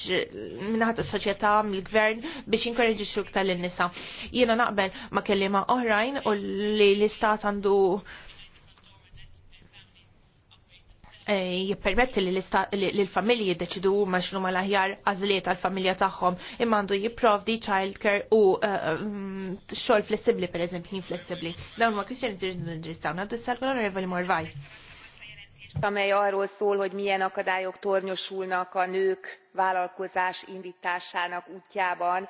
minnaħat is-soċjetà mill-gvern biex jinkoreġi xruk tal-nisa. Jiena naqbel ma' kelliema oħrajn u li l-istat għandu Eh, jippermetti li l-familji jiddeċidu ma xnu ma laħjar għazliet għal-familja tagħhom immandu jipprovdi child care u eh, eh, xogħol flessibbli pereżempju ħin flessibbli. Dawn ma kwistjoni ġirġu nġistaw, nabdu s-salkol onorevoli Morvaj amely arról szól hogy milyen akadályok tornyosulnak a nők vállalkozás indtásának útjában.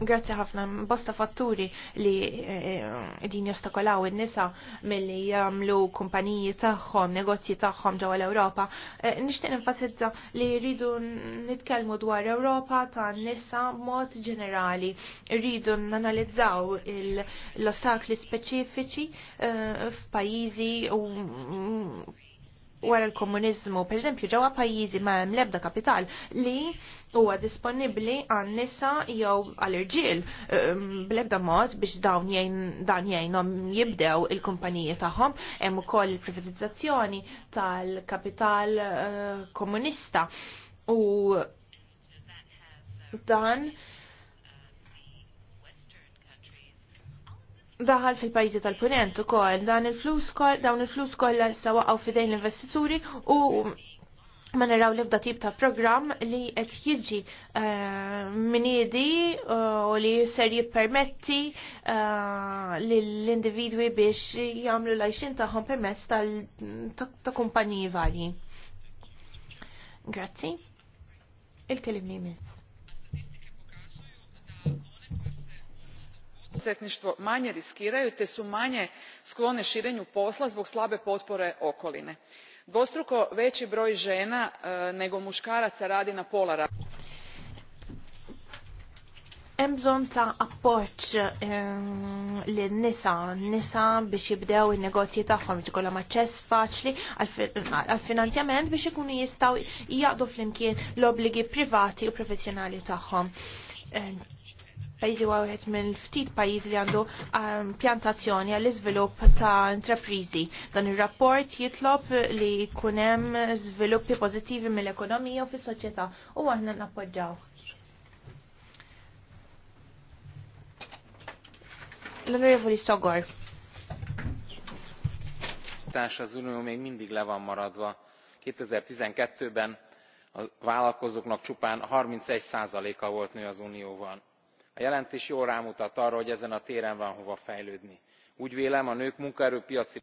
Grazzi ħafna basta fatturi li eh, din jostakolaw in-nisa milli jagħmlu kumpaniji tagħhom, negozji tagħhom ġewwa l-Ewropa. Eh, nixtieq nenfasizza li rridu nitkellmu dwar Ewropa tan-nisa mod ġenerali. Rridu nanalizzaw l-ostakli speċifiċi eh, f'pajjiżi u wara l-komunizmu, per eżempju ġewwa pajjiżi ma hemm lebda kapital li huwa disponibbli għan nisa jew għal irġiel um, bl-ebda mod biex dawn dan jgħinhom jibdew il-kumpaniji tagħhom hemm ukoll il-privatizzazzjoni tal-kapital uh, komunista u dan daħal fil-pajjiżi tal-punent ukoll dan il-flus koll dawn il-flus kollha issa waqgħu fidejn l-investituri u ma naraw l-ebda tip ta' programm li qed jiġi uh, u uh, li ser jippermetti uh, lill-individwi biex jagħmlu lajxin tagħhom permezz ta' kumpaniji varji. Grazzi. Il-kelim li jmiss. poduzetnitvo manje riskiraju te su manje sklone irenju posla zbog slabe potpore okoline. dvostruko veći broj žena e, nego muškaraca radi na pola radnog Hemm bżonn ta' appoġġ e, lin-nisa, nisa biex jibdew in-negozji tagħhom faċli għall-finanzjament biex ikunu jistgħu jaqdu flimkien l-obbligi privati u professjonali tagħhom. E, pajizi huwa minn ftit pajizi li għandu ehm, pjantazzjoni għall iżvilupp ta' intraprizi. Dan il rapport jitlob li kunem hemm żviluppi mill-ekonomija u fil-soċieta u aħna nappoġġaw. L-Onorevoli Sogor. Társ az Unió még mindig le van maradva. 2012-ben a vállalkozóknak csupán 31%-a volt nő az Unióban a jelentés jól rámutat arra hogy ezen a téren van hova fejlődni. úgy vélem a nők munkaerőpiaci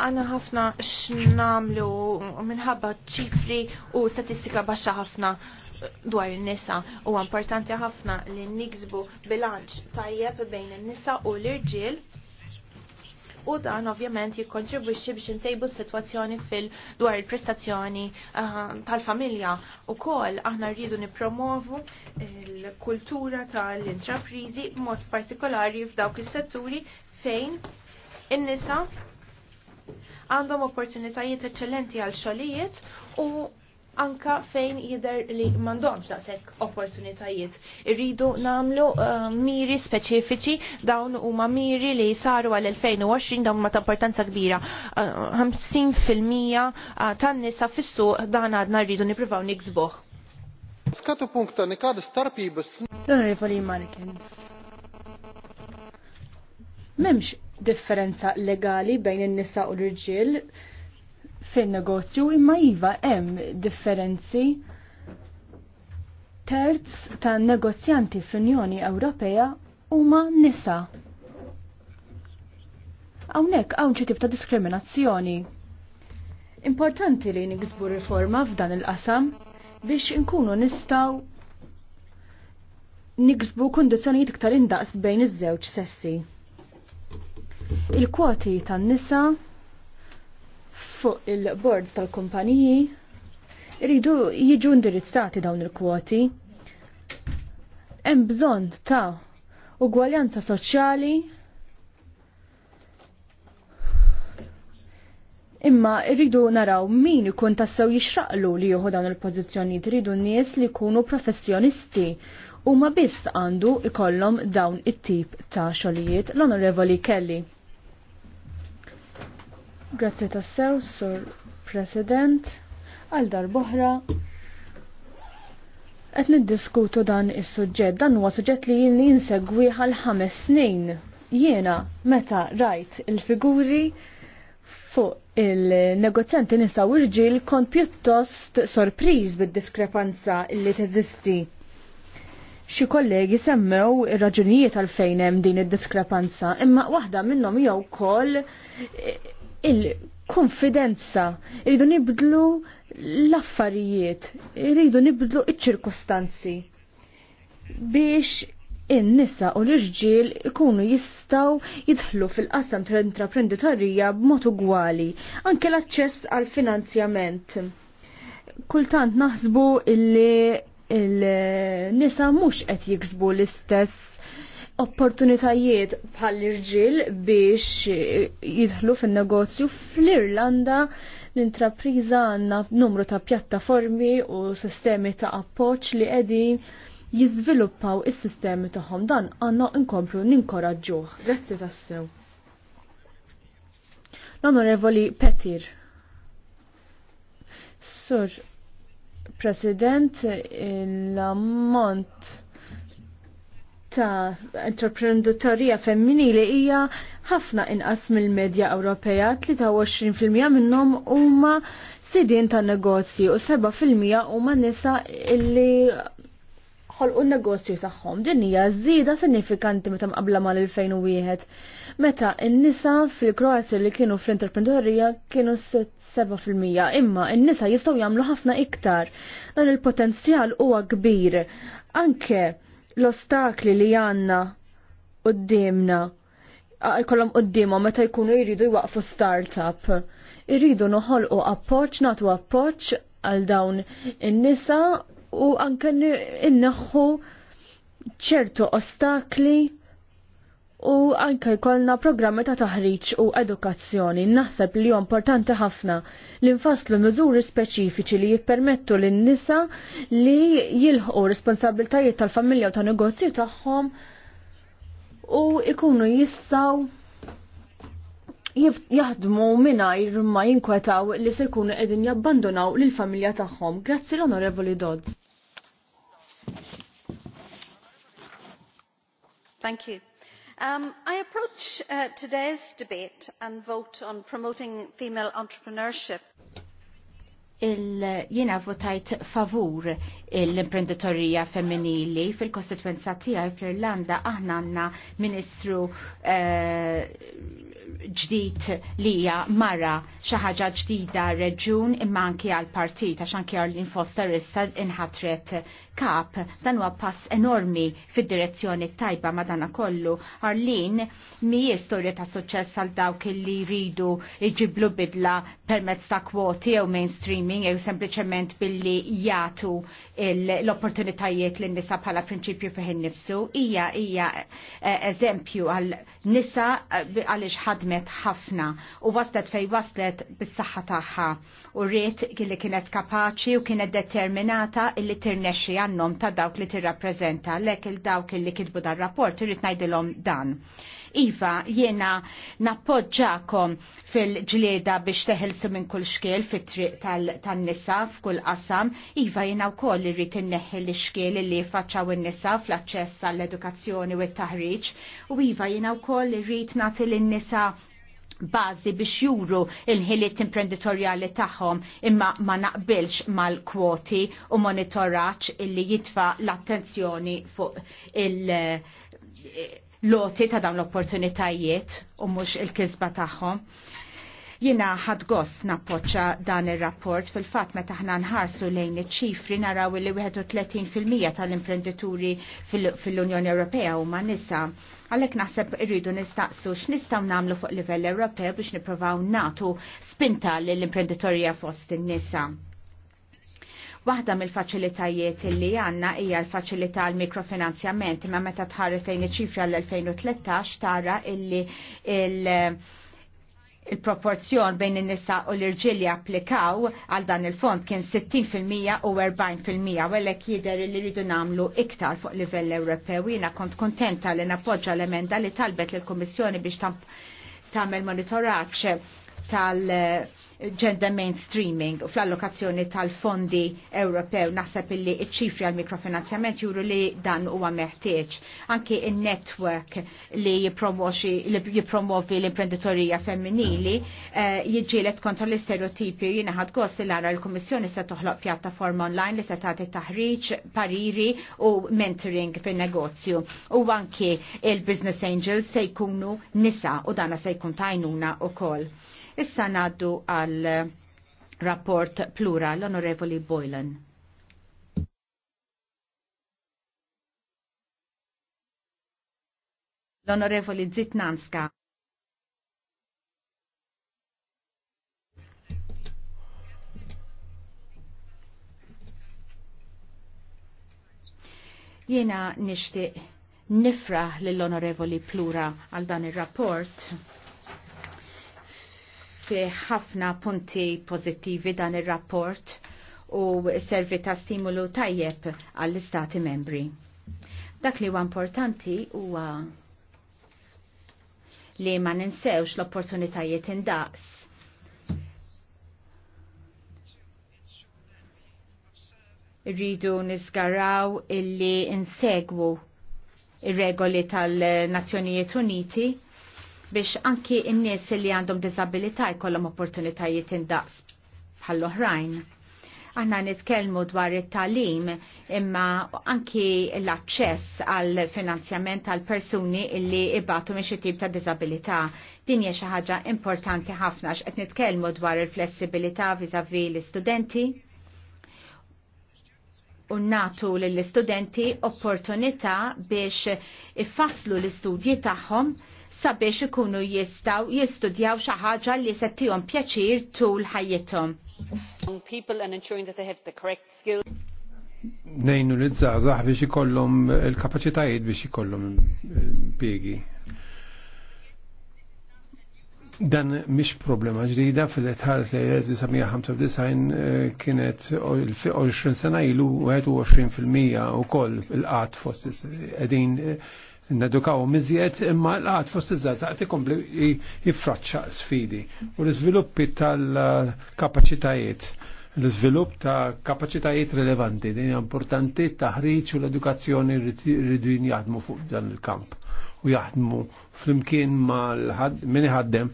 għana ħafna x'namlu minħabba ċifri u statistika baxxa ħafna dwar in-nisa u importanti ħafna li niksbu bilanċ tajjeb bejn in-nisa u l-irġiel u dan ovvjament jikkontribwixxi biex intejbu s-sitwazzjoni fil-dwar il-prestazzjoni eh, tal-familja. U kol, aħna rridu nipromovu il-kultura tal-intraprizi b'mod partikolari f'dawk is-setturi fejn in-nisa għandhom opportunitajiet eċċellenti għal xogħlijiet u anka fejn jider li mandomx daqshekk opportunitajiet. Irridu namlu uh, miri speċifiċi dawn huma miri li saru għal 2020 dawn ma ta' importanza kbira. 50% uh, eh, eh, tan-nisa fis-suq dan għadna rridu nippruvaw nikzboħ. Skatu punkta nikad starpi bis. Don rifali mannequins. Memx differenza legali bejn in-nisa u l-irġiel fin-negozju imma iva hemm differenzi terz ta' negozjanti fl-Unjoni Ewropea huma nisa. Hawnhekk hawn xi tip ta' diskriminazzjoni. Importanti li niksbu riforma f'dan il-qasam biex inkunu nistgħu niksbu kundizzjonijiet iktar indaqs bejn iż-żewġ sessi. Il-kwoti tan-nisa fuq il-boards tal-kumpaniji iridu jiġu indirizzati dawn il-kwoti. Hemm bżonn ta' ugwaljanza soċjali Imma rridu naraw min ikun tassew jixraqlu li joħu dawn il pożizzjonijiet rridu nies li jkunu professjonisti u ma biss għandu ikollhom dawn it-tip ta' xogħlijiet l-Onorevoli Kelly. Grazzi tassew, Sur President, għal darboħra. Qed niddiskutu dan is-suġġett, dan huwa suġġett li jien jinsegwi għal ħames snin. Jiena meta rajt il-figuri fuq il-negozjanti nisa u rġil kont pjuttost sorpriż bid-diskrepanza li teżisti. Xi kollegi semmew ir-raġunijiet għalfejn hemm din id-diskrepanza, imma waħda minnhom jew ukoll il-konfidenza, irridu nibdlu l-affarijiet, irridu nibdlu iċ-ċirkostanzi biex in-nisa u l-irġiel ikunu jistaw jidħlu fil-qasam tal-intraprenditorija b'mod ugwali, anke l-aċċess għal finanzjament. Kultant naħsbu illi il-nisa mhux qed jiksbu l-istess opportunitajiet bħal irġil biex jidħlu fin-negozju fl-Irlanda l-intrapriża għandna numru ta' pjattaformi u sistemi ta' appoġġ li qegħdin jiżviluppaw is-sistemi tagħhom dan għandna nkomplu ninkoraġġuh. Grazzi tassew. L-Onorevoli Petir. Sur, President, l-ammont ta' entreprenditorija femminili hija ħafna inqas mill-medja Ewropea, 23% minnhom huma sidien ta' negozji u 7% huma nisa illi ħolqu n-negozju tagħhom. Din hija żieda sinifikanti meta mqabbla mal-2001. Meta n-nisa fil-Kroazja li kienu fl-entreprenditorija kienu 7% imma n-nisa jistgħu jagħmlu ħafna iktar. Dan il-potenzjal huwa kbir. Anke l-ostakli li għanna qoddimna kollom qoddimhom meta jkunu jridu jwaqfu startup. Irridu noħolqu appoġġ, nagħtu appoġġ għal dawn in-nisa u anke inneħħu ċertu ostakli u anke jkollna programmi ta' taħriġ u edukazzjoni. Naħseb li hu importanti ħafna li nfasslu miżuri speċifiċi li jippermettu lin nisa li jilħqu responsabiltajiet tal-familja u tan negozju tagħhom u ikunu jistgħu jaħdmu mingħajr ma jinkwetaw li se jkunu qegħdin jabbandonaw lill familja tagħhom. Grazzi l-Onorevoli Dodds. Thank you. Um, I approach uh, today's debate and vote on promoting female entrepreneurship il-jina votajt favur l-imprenditorija femminili fil-kostituenza tiegħi fl-Irlanda aħna għandna ministru uh, ġdid li hija marra xi ħaġa ġdida reġjun imma anke għal partit għax anki Arlin Foster issa inħatret kap dan huwa pass enormi fid-direzzjoni tajba madana kollu Arlin mhijiex storja ta' suċċess għal dawk li jridu jġiblu bidla permezz ta' kwoti jew mainstreaming jew sempliċement billi jagħtu l-opportunitajiet lin nisa bħala prinċipju fih innifsu hija hija eh, eżempju għal nisa eh, għaliex ħadmet ħafna u waslet fej waslet bis-saħħa tagħha u rrit li kienet kapaċi u kienet determinata illi tirnexxi għannhom ta' dawk li tirrappreżenta lek il dawk illi kitbu dar-rapport irrid ngħidilhom dan. Iva, jiena nappoġġakom fil-ġlieda biex teħelsu minn kull xkiel fit-triq tan-nisa f'kull qasam. Iva, jiena wkoll irrid inneħħi l-xkiel li faċċaw in-nisa fl-aċċess għall-edukazzjoni u t-taħriġ. U iva, jiena wkoll irrid nagħti lin-nisa bazi biex juru il-ħiliet imprenditorjali tagħhom imma ma naqbilx mal-kwoti u monitoraċ illi jitfa l-attenzjoni fuq il- loti ta' dawn l-opportunitajiet u mhux il-kisba tagħhom. Jina ħad gost nappoċċa dan ir-rapport fil-fatt meta aħna nħarsu lejn iċ-ċifri naraw li 31% tal imprenditori fil-Unjoni Ewropea huma nisa. Għalhekk naħseb irridu nistaqsu x'nistgħu nagħmlu fuq livell Ewropew biex nippruvaw nagħtu spinta lill-imprenditorija fost in-nisa. Waħda mill-faċilitajiet li għanna hija l-faċilità l mikrofinanzjament imma meta tħares lejn iċ-ċifra l-2013 tara illi il- il-proporzjon bejn in-nisa u l-irġieli applikaw għal dan il-fond kien 60% u 40% u għalek jider li rridu namlu iktar fuq livell Ewropew. Jina kont kontenta li nappoġġa l-emenda li talbet l-Kommissjoni biex tamel monitoraċ tal-gender mainstreaming u fl-allokazzjoni tal-fondi Ewropew naħseb illi iċ-ċifri għal mikrofinanzjament juru li dan huwa meħtieġ. Anki in-network li jipromovi l-imprenditorija femminili eh, jiġġielet kontra l-istereotipi jina ħad gost l ara l-Kummissjoni se toħloq pjattaforma online li se tagħti taħriġ, pariri u mentoring fin-negozju. U anki il-Business Angels se jkunu nisa u dana se jkun tajnuna u koll. Issa naddu għal rapport Plura l-Onorevoli Boylan. L-Onorevoli Zitnanska. Jena nishtiq nifraħ lill-Onorevoli Plura għal dan ir rapport fi ħafna punti pozittivi dan ir-rapport u servi ta' stimulu tajjeb għall-istati membri. Dak li huwa importanti huwa li ma ninsewx l-opportunitajiet indaqs. Rridu nizgaraw illi insegwu ir-regoli tal-Nazzjonijiet Uniti biex anki n-nies li għandhom disabilità jkollhom opportunitajiet indaqs bħall-oħrajn. Aħna nitkellmu dwar it-talim imma anki l-aċċess għal finanzjament għal persuni illi ibatu minn xi tip ta' disabilità. Din hija xi ħaġa importanti ħafna x'qed nitkellmu dwar il-flessibilità viżavi l-istudenti u natu lill-istudenti opportunità biex ifasslu l-istudji tagħhom sabiex ikunu jistaw jistudjaw xi ħaġa li se pjaċir tul ħajjithom. Nejnu li żgħażagħ biex ikollhom il kapacitajiet biex ikollhom piegi. Dan mish problema ġdida fil-etħal l-1995 eh, kienet 20 sena ilu 21% u koll il-qat fost qegħdin eh, nedukaw miżjed imma l-għad fost iż-żazaq tikompli jiffraċċa sfidi. U l-iżviluppi tal-kapacitajiet, l-iżvilupp ta' kapacitajiet rilevanti, din importanti taħriġ u l-edukazzjoni rridu jadmu fuq dan il-kamp u jaħdmu flimkien ma' min ħaddem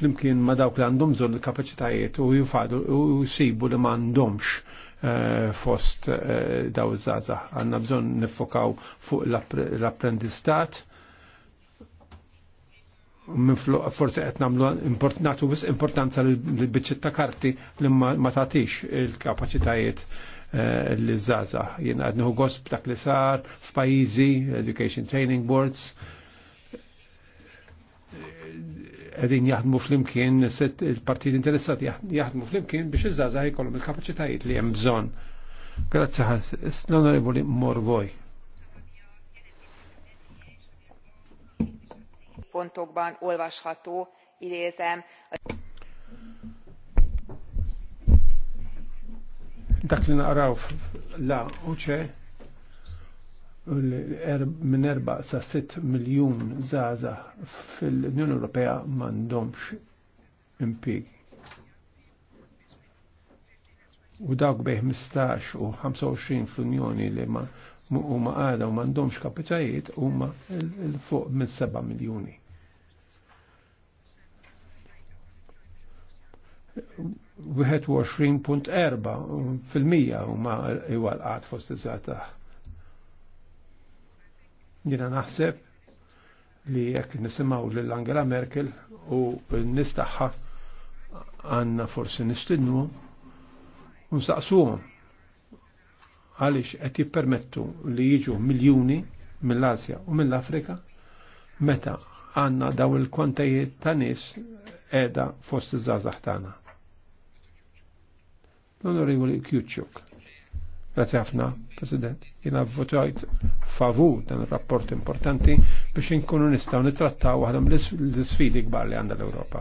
flimkien ma' dawk li għandhom bżonn il-kapacitajiet u jifadu u jsibu li ma' għandhomx Eh, fost eh, daw zaza. Għanna bżon nifokaw fuq l-apprendistat. Forse qed nagħmlu importantu wis importanza li biċċiet ta' karti li ma tagħtix il-kapaċitajiet eh, li zaza. Jien għad nħu gosb dak li sar f'pajjiżi, Education Training Boards, għedin jaħdmu fl flimkien il partijt interessati jaħdmu fl-imkien biex iż-żgħażagħ jkollhom il-kapaċitajiet li hemm bżonn. Grazzi ħadd. L-Onorevoli Morvoj. pontokban olvasható idézem dak li naqraw la uċe Er, minn 4 sa 6 miljun zaza fil-Unjoni Ewropea m'għandhomx impjiegi. U dawk bej 15 u 25 fl-Unjoni li ma huma għada u m'għandhomx kapitajiet huma fuq minn 7 miljuni. Wieħed 21.4 fil-mija huma iwalqat fost iż-żgħażagħ Jina naħseb li jekk nisimaw l-Angela Merkel u nistaxħa għanna forsi nistidnu unsaqsuhom għaliex qed jippermettu li jiġu miljuni mill-Asja u mill-Afrika meta għanna daw il-kwantajiet ta' nies qiegħda fost iż-żgħażagħ tagħna. L-Onorevoli Kjuċċuk. Grazie ħafna, President. Jina votajt favur dan rapport importanti biex inkunu nistaw nitrattaw għadhom l-sfidi gbar li għandha l-Ewropa.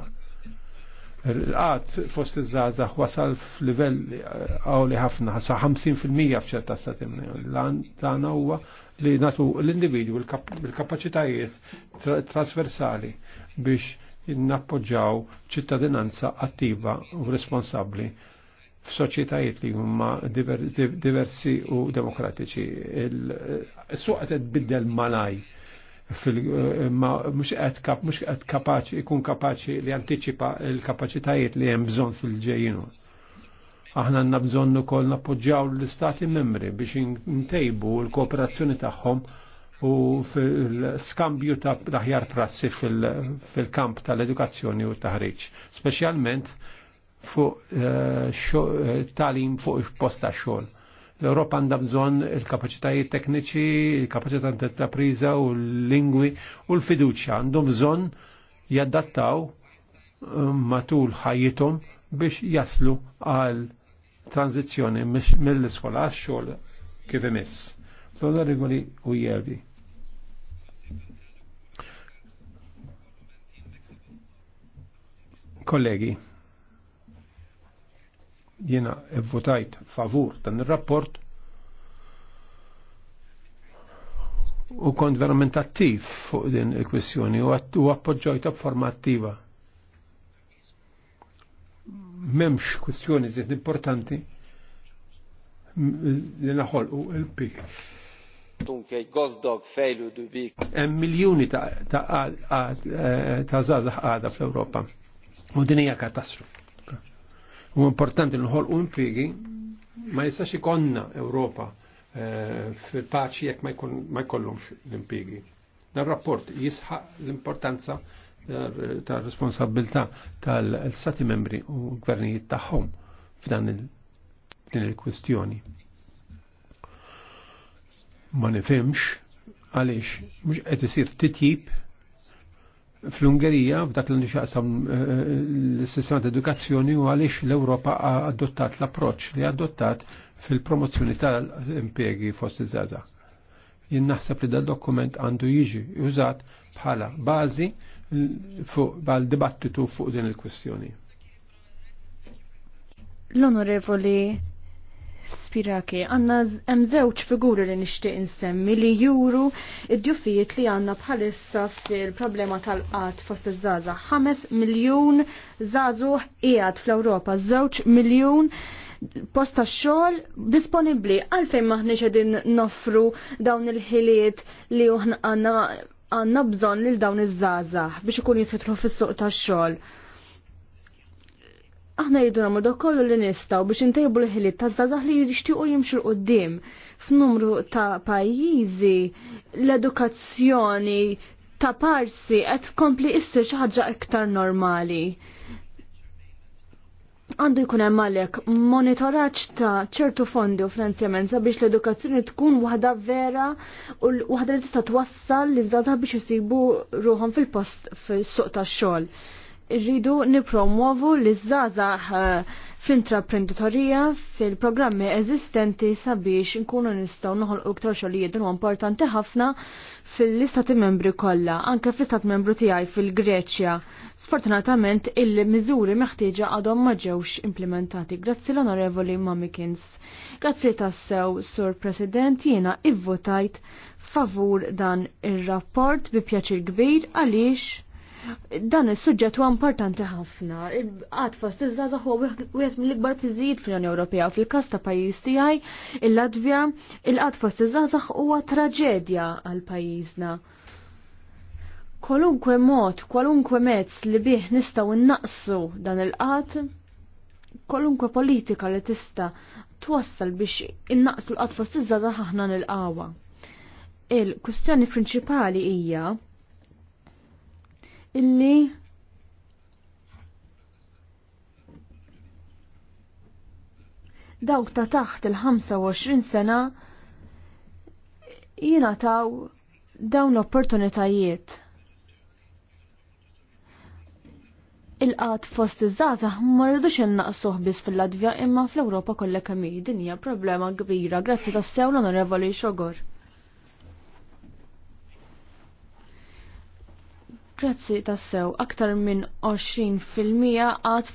Għad qat fost iż-żazax wasal f'livell eh, għawli ħafna, sa 50% f'ċerta stati l Dan huwa li natu l-individu bil kapacitajiet trasversali biex jinnappoġġaw ċittadinanza attiva u responsabli f'soċjetajiet li huma diversi u demokratiċi. Il-suq qed biddel malaj mux mhux qed kap mhux qed kapaċi jkun kapaċi li antiċipa l-kapaċitajiet li hemm bżonn fil-ġejjinu. Aħna għandna bżonn ukoll nappoġġjaw l-istati membri biex ntejbu l-kooperazzjoni tagħhom u fil-skambju ta' aħjar prassi fil-kamp tal-edukazzjoni u t-taħriġ, speċjalment fuq eh, eh, talim fuq posta xogħol. L-Europa għandha bżonn il-kapaċitajiet tekniċi, il-kapaċità tal-intrapriża u l-lingwi u l-fiduċja għandhom bżonn jaddattaw eh, matul ħajjithom biex jaslu għal tranzizjoni mill-iskola għax-xogħol kif imiss. Dolla rigoli u jevi. Kollegi, Jiena evvotajt favur dan ir-rapport u kont verament attiv fuq din il-kwissjoni u appoġġojta b'forma attiva. Memx kwistjoni zitt importanti li naħolqu il-pik tartunk egy gazdag, fejlődő Em Miljoni ta' eh, zazax għada fl-Europa. U din hija katastrofi. U importanti nħol unpigi ma jistax ikonna Ewropa eh, fil-paċi jekk ma jkollhomx l-impigi. Dan rapport jisħaq l-importanza eh, tar responsabilità tal-Stati membri u gvernijiet tagħhom f'dan il-kwistjoni. Ma nifhimx għaliex mhux qed isir titjib fl-Ungerija, f'dak li xaqsam eh, l-sistema ta' edukazzjoni u għalix l-Ewropa adottat l-approċ li adottat fil-promozzjoni tal-impiegi fost iż-żaza. Jien naħseb li dal-dokument għandu jiġi użat bħala bażi fuq bħal dibattitu fuq din il-kwestjoni. L-Onorevoli Spiraki, għanna emżewċ figuri li nishtiq insemmi li juru id-djufijiet li għanna bħalissa fil-problema tal-qat fost iż-żaza. 5 miljon zazuħ qiegħed fl-Ewropa, żewġ miljon posta xogħol disponibbli għalfejn maħniex qegħdin noffru dawn il-ħiliet li għanna għanna bżonn lil dawn iż-żaza biex ikun jitħitlu fis-suq tax-xogħol. Aħna jridu nagħmlu dak kollu li nistgħu biex intejbu l-ħiliet ta' zazah li jixtiequ jimxu l qoddim F'numru ta' pajjiżi l-edukazzjoni ta' parsi qed tkompli issir xi ħaġa iktar normali. Għandu jkun hemm għalhekk monitoraġġ ta' ċertu fondi u finanzjament sabiex l-edukazzjoni tkun waħda vera u waħda li tista' twassal li żgħażagħ biex isibu ruħhom fil-post fis-suq tax-xogħol rridu nipromovu l żgħażagħ eh, fl-intraprenditorija fil-programmi eżistenti sabiex nkunu nistgħu noħolqu iktar xogħlijiet huwa importanti ħafna fil-istati membri kollha, anke fl-istat membru tiegħi fil-Greċja. Sfortunatament il-miżuri meħtieġa għadhom ma ġewx implementati. Grazzi l-Onorevoli Mamikins. Grazzi tassew, Sur President, jiena ivvotajt favur dan ir-rapport bi pjaċir kbir għaliex Dan is-suġġett huwa importanti ħafna. Għad fost iż-żgħażagħ u wieħed mill-ikbar piżijiet fl-Unjoni Ewropea fil-każ ta' pajjiż tiegħi il-Latvja, il għad fost iż-żgħażagħ huwa traġedja għal pajjiżna. Kolunkwe mod, kwalunkwe mezz li bih nistgħu innaqsu dan il qat kwalunkwe politika li tista' twassal biex innaqsu l-qatt fost iż żazax aħna nilqawha. Il-kustjoni prinċipali hija illi dawk ta' taħt il-25 sena jingħataw dawn l-opportunitajiet. Il-qat fost iż-żgħażagħ ma rridux innaqsuh biss fil-Latvja imma fl-Ewropa kollha kemm din hija problema kbira. Grazzi tassew l-Onorevoli Xogor. Grazzi tassew, aktar minn 20% għad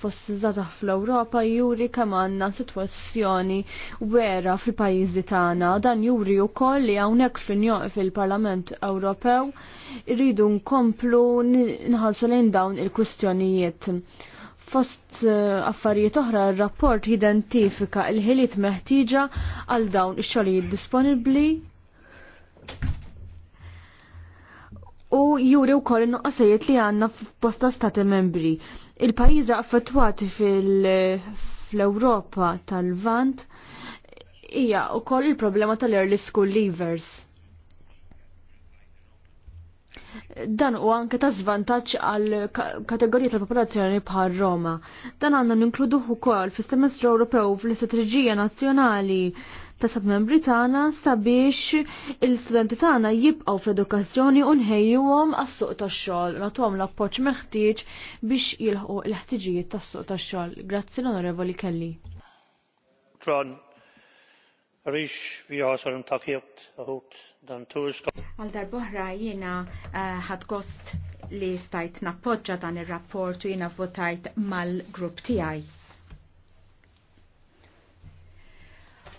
zazah fl-Europa juri kamanna situazzjoni wera fil-pajizi tagħna. Dan juri u koll li hawnhekk fil-Parlament Ewropew irridu nkomplu nħarsu lejn dawn il-kwistjonijiet. Fost eh, affarijiet oħra r-rapport identifika il-ħiliet meħtieġa għal dawn ix-xogħlijiet disponibbli u juri wkoll koll nuqqasijiet li għandna f'bosta stati membri. Il-pajjiżi affettwati fil-Ewropa tal-Vant hija wkoll il-problema tal-early school leavers. Dan u anke ta' zvantaġġ għal kategorija tal-popolazzjoni bħal Roma. Dan għandna ninkluduh ukoll fis-semestru Ewropew fl-istrateġija nazzjonali ta' sab-membri tagħna sabiex il-studenti tagħna jibqgħu fl-edukazzjoni u nħejjuhom għas-suq tax-xogħol, nagħtuhom l-appoġġ meħtieġ biex jilħu l-ħtiġijiet tas-suq tax-xogħol. Grazzi l-Onorevoli Kelly. Tron, rix vi għasar ntakiet għut dan tużka. Għal darbohra jiena eh, ħadgost li stajt nappoġġa dan ir-rapport u jiena votajt mal-grupp tiegħi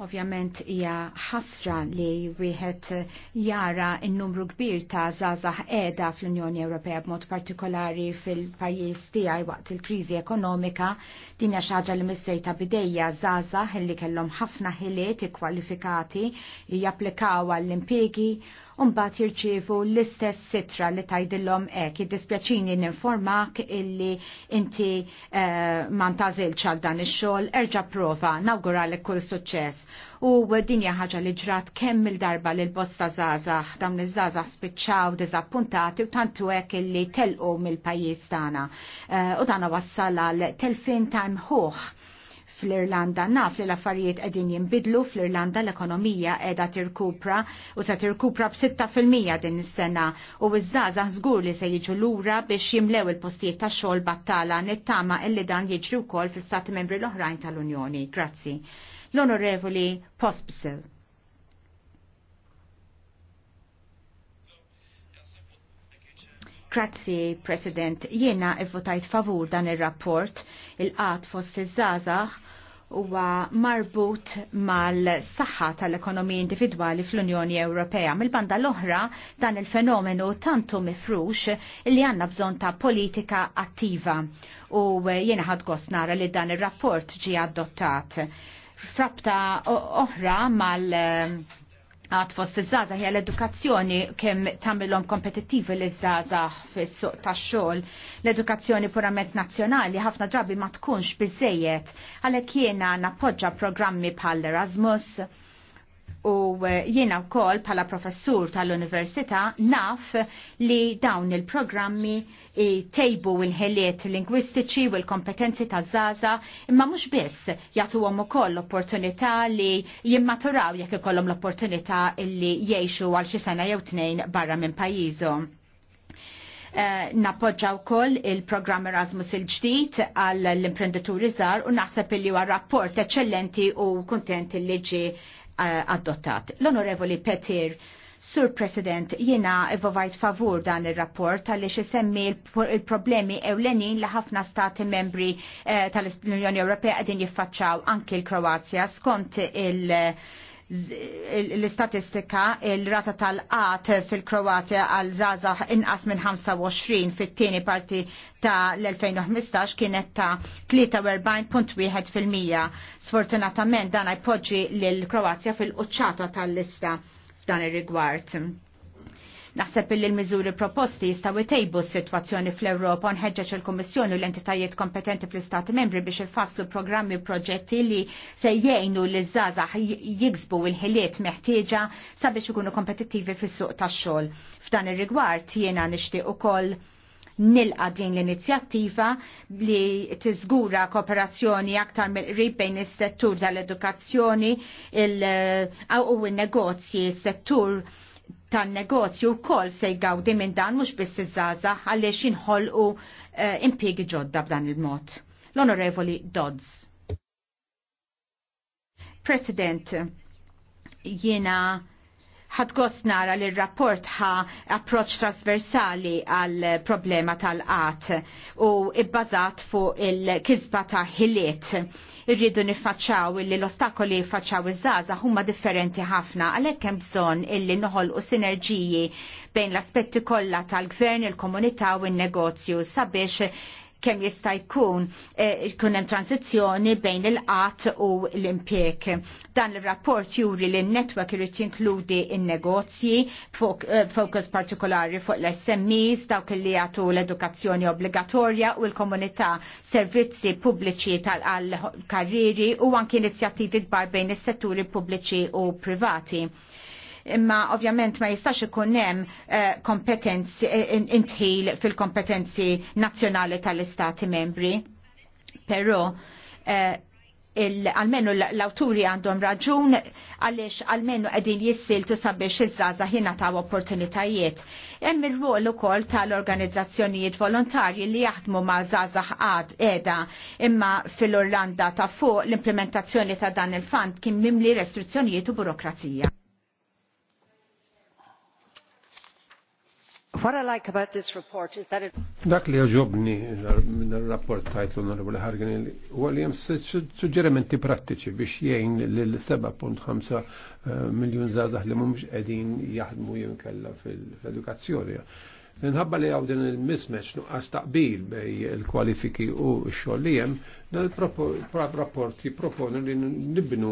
Ovvjament hija ħasra li wieħed jara n-numru kbir ta' żgħażagħ qiegħda fl-Unjoni Ewropea b'mod partikolari fil-pajjiż tiegħi waqt il-kriżi ekonomika. Din hija xi ħaġa li missejta bidejja żgħażagħ illi kellhom ħafna ħiliet ikkwalifikati japplikaw għall-impjegi Umbat jirċivu l-istess sitra li tajdillom ek, id-dispjaċini informak illi inti uh, eh, mantazil ċal dan il-xol, erġa prova, li kull suċċess. U dinja ħaġa li ġrat kemm il-darba li l-bosta zazax, dawn iż zazax spiċċaw dizappuntati u tantu hekk illi telqu mill-pajjiż tagħna. Uh, u dan wassal għal telfin time hoħ fl-Irlanda. Naf li l-affarijiet qegħdin jinbidlu fl-Irlanda l-ekonomija qiegħda tirkupra u se tirkupra b'6% din is-sena u iż-żgħażagħ żgur li se jiġu lura biex jimlew il-postijiet ta' xogħol battala nittama illi dan jiġri wkoll fil-Stati Membri l-oħrajn tal-Unjoni. Grazzi. L-Onorevoli Pospsil. Grazzi, President. Jiena votajt favur dan il-rapport il-qat fost iż-żazax huwa marbut mal-saħħa tal-ekonomija individwali fl-Unjoni Ewropea. Mill-banda l-oħra dan il-fenomenu tantu mifrux li għanna bżon ta' politika attiva u jiena ħad nara li dan il-rapport ġi adottat. Frabta oħra mal- għad fost iż-żaza hija l-edukazzjoni kemm tagħmilhom kompetittivi l żaza fis-suq tax-xogħol. L-edukazzjoni purament nazzjonali ħafna drabi ma tkunx biżejjed għalhekk jiena nappoġġa programmi bħall Erasmus, u eh, jiena wkoll bħala professur tal-Università naf li dawn il-programmi tejbu il-ħeliet lingwistiċi u l-kompetenzi ta' zaza imma mhux biss jagħtuhom ukoll l-opportunità li jimmaturaw jekk ikollhom l-opportunità li jgħixu għal xi sena jew tnejn barra minn pajjiżhom. Uh, eh, Nappoġġaw koll il-programm Erasmus il-ġdid għall l-imprenditur iżar u naħseb li huwa rapport eċċellenti u kuntent li ġie Eh, adottat. L-Onorevoli Petir, Sur President, jiena vovajt favur dan il-rapport għalli semmi il-problemi ewlenin li ħafna stati membri eh, tal-Unjoni Ewropea għedin jiffaċċaw anki l-Kroazja skont il- l-istatistika il-rata tal-qat fil-Kroatja għal zaza inqas minn 25 fit-tieni parti ta' l-2015 kienet ta' 43.1%. Sfortunatament dan jpoġġi l-Kroatja fil-qċata tal-lista f'dan ir-rigward Naħseb li l-miżuri proposti jistgħu jtejbu s-sitwazzjoni fl-Ewropa unħedġaċ il-Kummissjoni u l-entitajiet kompetenti fl-Istati membri biex ifasslu programmi proġetti li se jgħinu li zazax jiksbu l-ħiliet meħtieġa sabiex ikunu kompetittivi fis-suq tax-xogħol. F'dan ir-rigward jiena nixtieq ukoll nilqa din l-inizjattiva li tiżgura kooperazzjoni aktar mill-qrib bejn is-settur tal-edukazzjoni u n-negozji, is-settur tan-negozju wkoll se jgawdi minn dan mhux biss iż-żgħażagħ għaliex jinħolqu eh, impjiegi ġodda b'dan il-mod. L-Onorevoli Dodds. President, jiena ħadgost nara li r-rapport ħa approċ trasversali għal problema tal-qat u ibbazat fuq il-kizba ta' ħiliet. Irridu nifacċaw li l-ostakoli jifacċaw iż-żaza huma differenti ħafna għalhekk hemm bżonn illi noħol u sinerġiji bejn l-aspetti kollha tal-gvern, il-komunità u n-negozju sabiex kemm jista' jkun eh, jkun hemm transizzjoni bejn il-qatt u l-impjek. Dan ir-rapport juri li n-netwerk irid jinkludi n-negozji fokus eh, partikolari fuq l-SMEs dawk li jagħtu l-edukazzjoni obbligatorja u l-komunità servizzi pubbliċi tal-karriri u anki inizjattivi kbar bejn is-setturi pubbliċi u privati imma ovvjament ma jistax ikun hemm eh, kompetenzi eh, intħil fil-kompetenzi nazzjonali tal-istati membri. Però eh, almenu l-awturi għandhom raġun għaliex almenu għedin jissiltu sabiex iż-żaza ħina ta' opportunitajiet. Hemm ir-rol ukoll tal-organizzazzjonijiet volontarji li jaħdmu ma' żgħażagħ għad qiegħda imma fil orlanda ta' fuq l-implementazzjoni ta' dan il-fond kien mimli restrizzjonijiet u burokrazija. What I like about this report is that it... Dak li joġobni minn il-rapport tajt l-Onorevole Hargan huwa li hemm suġġerimenti prattiċi biex jgħin l-7.5 eh, miljun żgħażagħ li mhumiex qegħdin jaħdmu jew kellha fil-edukazzjoni. Nħabba li għaw din il-mismatch nuqqas taqbil bej il-kwalifiki u x-xogħol Dan il-rapport jipproponu li nibnu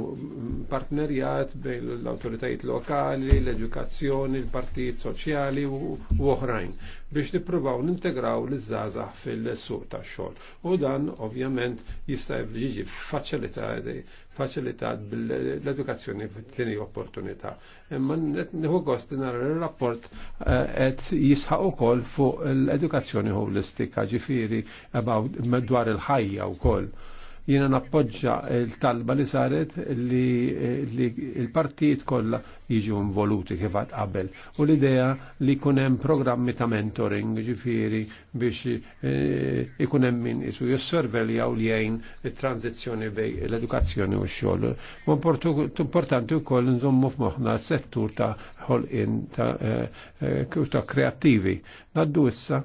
partnerjat bejn l-autoritajiet lokali, l-edukazzjoni, l-partijiet soċjali u oħrajn biex nippruvaw nintegraw l-żgħażagħ fil-suq tax-xogħol. U dan ovvjament jista' jiġi faċilitat bl edukazzjoni f'tieni opportunità. Imma nieħu gost nara rapport eh, qed jisħaq ukoll fuq l-edukazzjoni holistika, ġifieri dwar il-ħajja wkoll Jiena nappoġġa l-talba li saret li l-partijiet kollha jiġu involuti kif għad qabel. U l-idea li jkun hemm programmi ta' mentoring ġifiri biex eh, ikun hemm min isu josservelja u jgħin il tranzizzjoni bej l-edukazzjoni u x-xogħol. Importanti wkoll nżommu f'moħħna s-settur ta' ħolqien ta' eh, eh, kreattivi. Naddu issa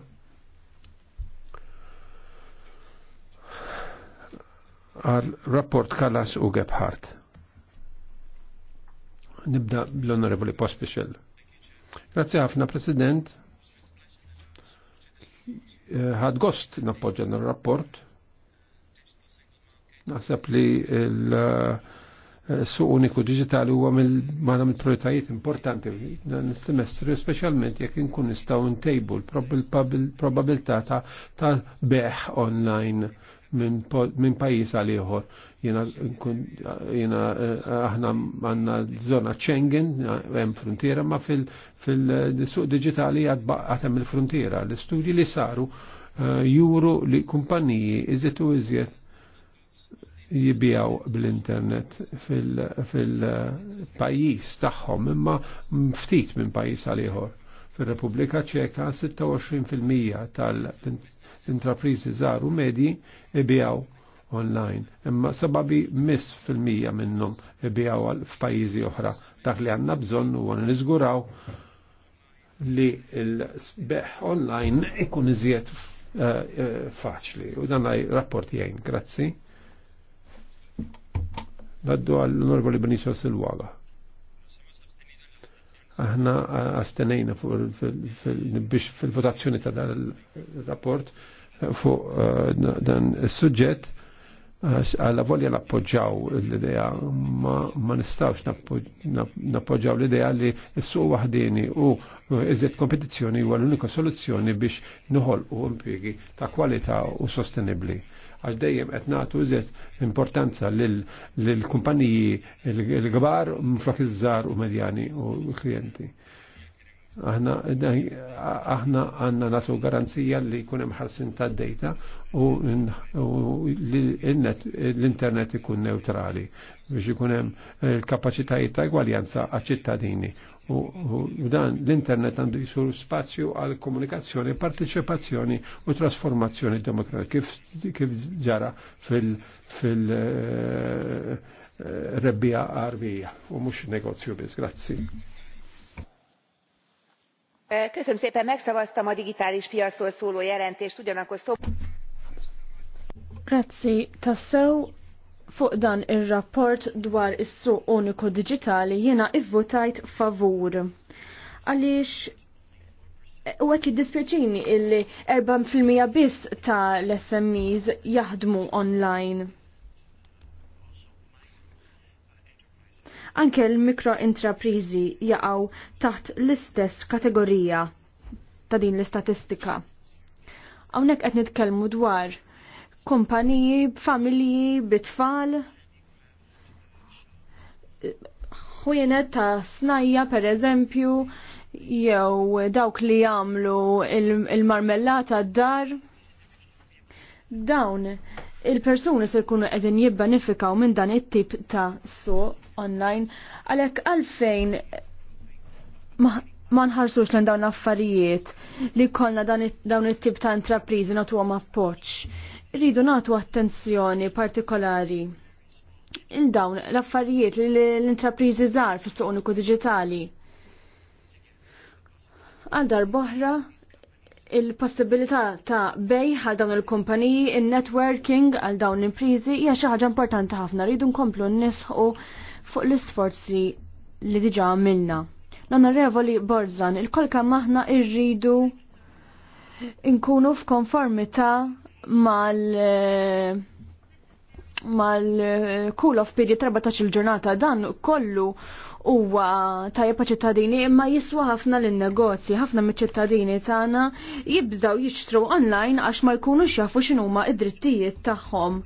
għal rapport Kalas u Gebhardt. Nibda bl-Onorevoli Pospiċel. Grazie ħafna, President. Eh, ħad gost nappoġġa rapport Naħseb li l-suq eh, uniku digitali huwa madam il-prioritajiet importanti dan is-semestru speċjalment jekk inkun nistgħu ntejbu l-probabilità ta' beħ online minn pajis għal ieħor. Jena eh, aħna għanna zona Schengen, hemm frontiera, ma fil-suq digitali għad hemm il-frontiera. L-istudji li saru eh, juru li kumpaniji iżet u iżjed jibijaw bl-internet fil-pajis tagħhom imma ftit minn pajis għal Fil-Repubblika Ċeka 26% tal intraprizi żgħar u medji ibijaw online. Imma sababi miss fil-mija minnhom ibijaw f'pajjiżi oħra. Dak li għandna bżonn u għan niżguraw li l-sbeħ online ikun iżjed eh, eh, faċli. U dan għaj rapport jgħin, grazzi. Għaddu għall-onorvoli Benicio Silwaga. Aħna eh, astenejna biex fil-votazzjoni ta' dan il-rapport fuq eh, dan is-suġġett għalla volja nappoġġaw l-idea, ma nistawx nappoġġaw l-idea li s-suq wahdini u iżjed kompetizzjoni huwa l-unika soluzzjoni biex nħol u impiegi ta' kwalità u sostenibli. Għax dejjem qed nagħtu iżjed importanza lill-kumpaniji l-kbar mflok iż-żar u medjani u klijenti. Aħna aħna għanna natu garanzija li jkun hemm ħarsin tad-data u l-internet ikun neutrali biex ikun hemm il-kapaċitajiet eh, ta' egwaljanza għaċ-ċittadini. U dan l-internet għandu jisur spazju għal komunikazzjoni, partecipazzjoni u trasformazzjoni demokratika kif ġara fil-rebbija eh, eh, arbija u mhux negozju biss. Grazzi köszönöm szépen megszavaztam a digitális piacról szóló jelentést ugyanakkor Grazzi, tassew fuq dan ir-rapport dwar is-suq uniku digitali jiena ivvutajt favur. Għaliex u għet jiddispjaċini illi 4% biss ta' l-SMEs jaħdmu online. Anke l-mikrointraprizi jaqgħu taħt l-istess kategorija ta' din l-istatistika. Hawnhekk qed nitkellmu dwar kumpaniji, familji, bitfall, ħwienet ta' snajja per eżempju, jew dawk li jagħmlu il-marmellata d-dar. Dawn il-persuni se jkunu qegħdin jibbenefikaw minn dan it-tip ta' so online għalhekk għalfejn ma nħarsux lejn dawn affarijiet li kollna dawn it-tip ta' intrapriżi nagħtuhom appoġġ. Rridu nagħtu attenzjoni partikolari il dawn l-affarijiet li l-intrapriżi żgħar fis-suq uniku diġitali. Għal darboħra, il-possibilità ta' bej għal dawn il-kumpaniji, il-networking għal dawn l-imprizi hija xi ħaġa importanti ħafna rridu nkomplu nisħu fuq l-isforzi li diġa għamilna. L-Onorevoli Borzan, il-kol kemm aħna rridu nkunu f'konformità mal- mal kull of period 14 il-ġurnata dan kollu huwa tajjeb ċittadini imma jiswa ħafna lin-negozji, ħafna miċ-ċittadini tagħna jibżgħu jixtru online għax ma jkunux jafu x'inhuma id-drittijiet tagħhom.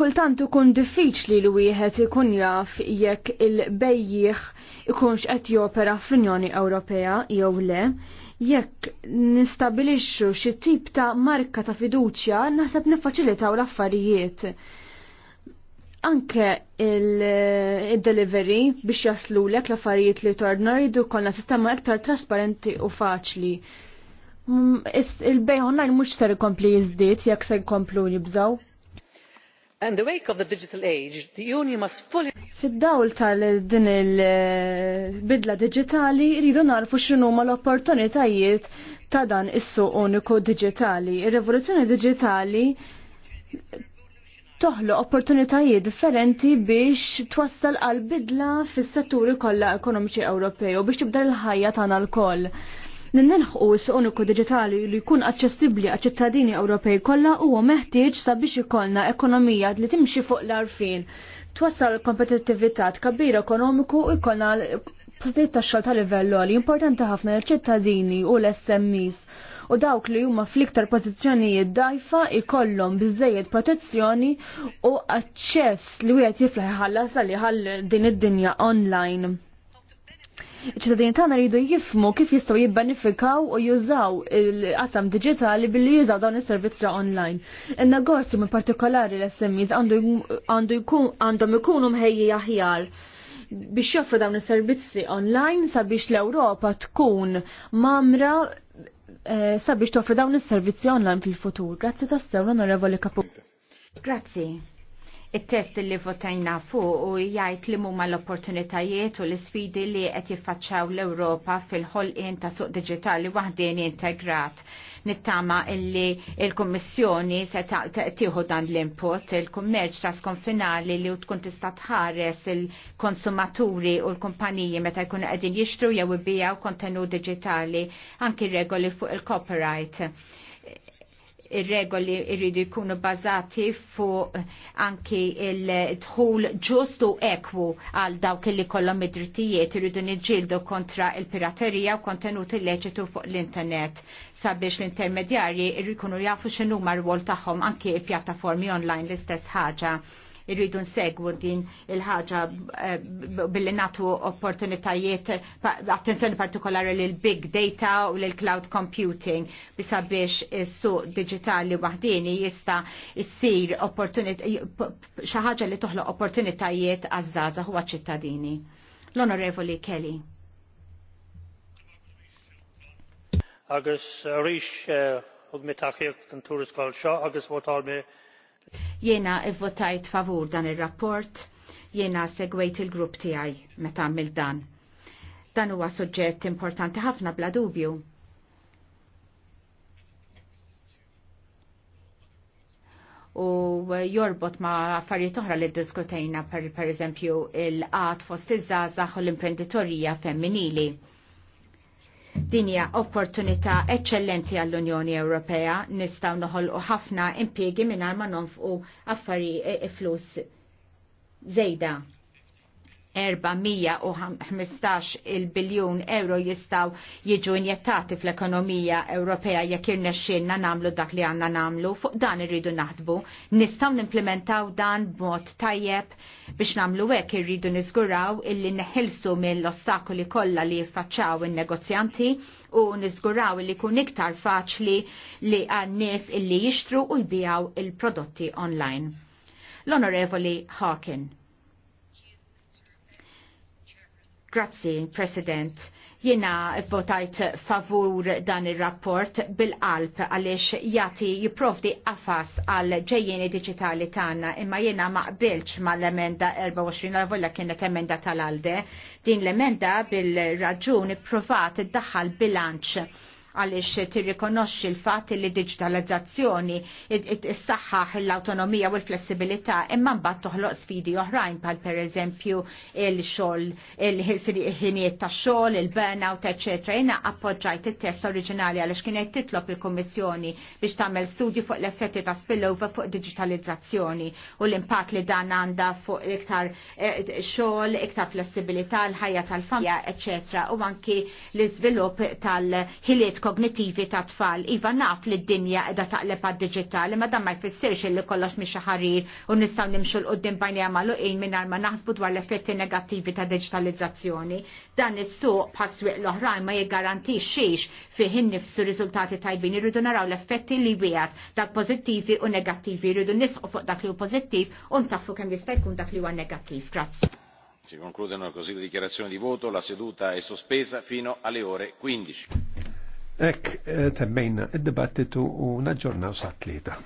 Kultant ikun diffiċli li wieħed ikun jaf jekk il-bejjieħ ikunx qed jopera fl-Unjoni Ewropea jew le, jekk nistabilixxu xi tip ta' marka ta' fiduċja naħseb niffaċilitaw l-affarijiet anke eh, il-delivery biex jaslu lek l-affarijiet li torna jridu kollna sistema aktar trasparenti u faċli. Mm, il-bej online mux ser ikompli jizdiet jekk se jkomplu jibżgħu. And the wake of the digital age, the union must fully... Fid-dawl tal-din il-bidla eh, digitali, rridu narfu x'inhuma l-opportunitajiet ta' dan is-suq uniku digitali. Ir-rivoluzzjoni digitali Toħlo opportunitajiet differenti biex twassal għal bidla fis-setturi kollha ekonomiċi Ewropej u biex tibda l-ħajja tagħna l-koll. Ninnelħqu s uniku diġitali li jkun aċċessibbli għal ċittadini Ewropej kollha huwa meħtieġ sabiex ikollna ekonomija li timxi fuq l-arfin, twassal kompetittività tkabbir ekonomiku u jkollna pożijiet tax-xogħol ta' livell li importanti ħafna l-ċittadini u l-SMEs u dawk li huma fl-iktar pożizzjonijiet dajfa ikollhom biżejjed protezzjoni u aċċess li wieħed jiflaħ ħallas li ħall din id-dinja online. Iċ-ċittadini tagħna jridu jifmu kif jistgħu jibbenifikaw u jużaw il-qasam diġitali billi jużaw dawn is-servizzi online. In-negozju minn partikolari l-SMEs għandhom ikunu mħejji aħjar biex joffru dawn is-servizzi online sabiex l-Ewropa tkun mamra Eh, sabiex toffri dawn is-servizzi online fil-futur. Grazzi tassew l-Onorevoli Kapu. Grazzi. it test li votajna fuq u jgħid li huma l-opportunitajiet u l-isfidi li qed jiffaċċaw l-Ewropa fil-ħolqien ta' suq diġitali waħdien integrat nittama illi il-Kommissjoni se tiħu dan l-input il-kummerċ skonfinali li u tkun tista' tħares il-konsumaturi u l-kumpaniji meta jkunu qegħdin jixtru jew ibijaw kontenut digitali anki regoli fuq il-copyright ir-regoli irridu jkunu bazati fuq anki il-dħul ġust u ekwu għal dawk li kollom id-drittijiet irridu niġġieldu kontra il-piraterija u kontenuti illeċitu fuq l-internet sabiex l-intermedjarji irrikunu jafu x'inhuma r-wol anki il pjattaformi online l-istess ħaġa irridu nsegwu din il-ħaġa eh, billi natu opportunitajiet attenzjoni partikolari l big data u l cloud computing bisabiex su is-suq digitali waħdini jista' jissir xi ħaġa li toħloq opportunitajiet għaż-żgħażagħ huwa ċittadini. L-Onorevoli Kelly. agus arís uh, uh, Jiena ivvotajt favur dan ir-rapport, jiena segwejt il-grupp tiegħi meta għamil dan. Dan huwa suġġett importanti ħafna bla dubju. U jorbot ma affarijiet oħra li ddiskutejna per, per eżempju il-qat fost iż-żgħażagħ u l-imprenditorija femminili Dinja opportunità eccellenti għall-Unjoni Ewropea nistaw noħolqu ħafna impiegi minn ma nonfqu affari e, e, flus zejda. 415 il-biljun euro jistaw jiġu injettati fl-ekonomija Ewropea jekk irnexxinna namlu dak li għanna namlu, fuq dan irridu naħdbu, nistaw nimplementaw dan b'mod tajjeb biex namlu hekk irridu niżguraw illi neħilsu mill-ostakoli kollha li jiffaċċaw in-negozjanti u niżguraw illi kun iktar faċli li għan-nies illi jixtru u jbijaw il-prodotti online. L-Onorevoli Hawking. Grazzi, President. Jena votajt favur dan il-rapport bil-qalb għalix jati jiprovdi għafas għal ġejjeni digitali tagħna imma jena ma qbilx mal-emenda 24 għal volla kienet emenda tal-alde. Din l-emenda bil-raġun provat daħal bilanċ għaliex tirrikonoxxi l fat li digitalizzazzjoni issaħħaħ l-autonomija u l-flessibilità imma mbagħad toħloq sfidi oħrajn bħal pereżempju il-xogħol il-ħinijiet tax-xogħol, il-burnout, eċetera. Jiena appoġġajt it-test oriġinali għaliex kien qed titlob il-Kummissjoni biex tagħmel studju fuq l-effetti ta' spillover fuq digitalizzazzjoni u l-impatt li dan għandha fuq iktar eh, xogħol, iktar flessibilità, l-ħajja tal-familja, eċetera, u anki l-iżvilupp tal-ħiliet kognitivi ta' tfal. Iva naf li d-dinja edha taqleb għad digitali ma dan ma jfissirx li kollox mi xaħarir u nistaw nimxu l-qoddim bajni għamalu in minn ma naħsbu dwar l-effetti negattivi ta' digitalizzazzjoni. Dan is-suq paswiq l-oħrajn ma jgarantix xiex fiħin nifsu rizultati tajbin. Irridu naraw l-effetti li wieħed dak pozittivi u negattivi. Irridu nisqu fuq dak li hu pozittiv u ntaffu kemm jista' jkun dak li huwa negattiv. Grazie si concludono così le dichiarazioni di voto la seduta è sospesa fino alle ore. 15. Ek eh, temmejna id-dibattitu u naġġornaw sa' tlieta.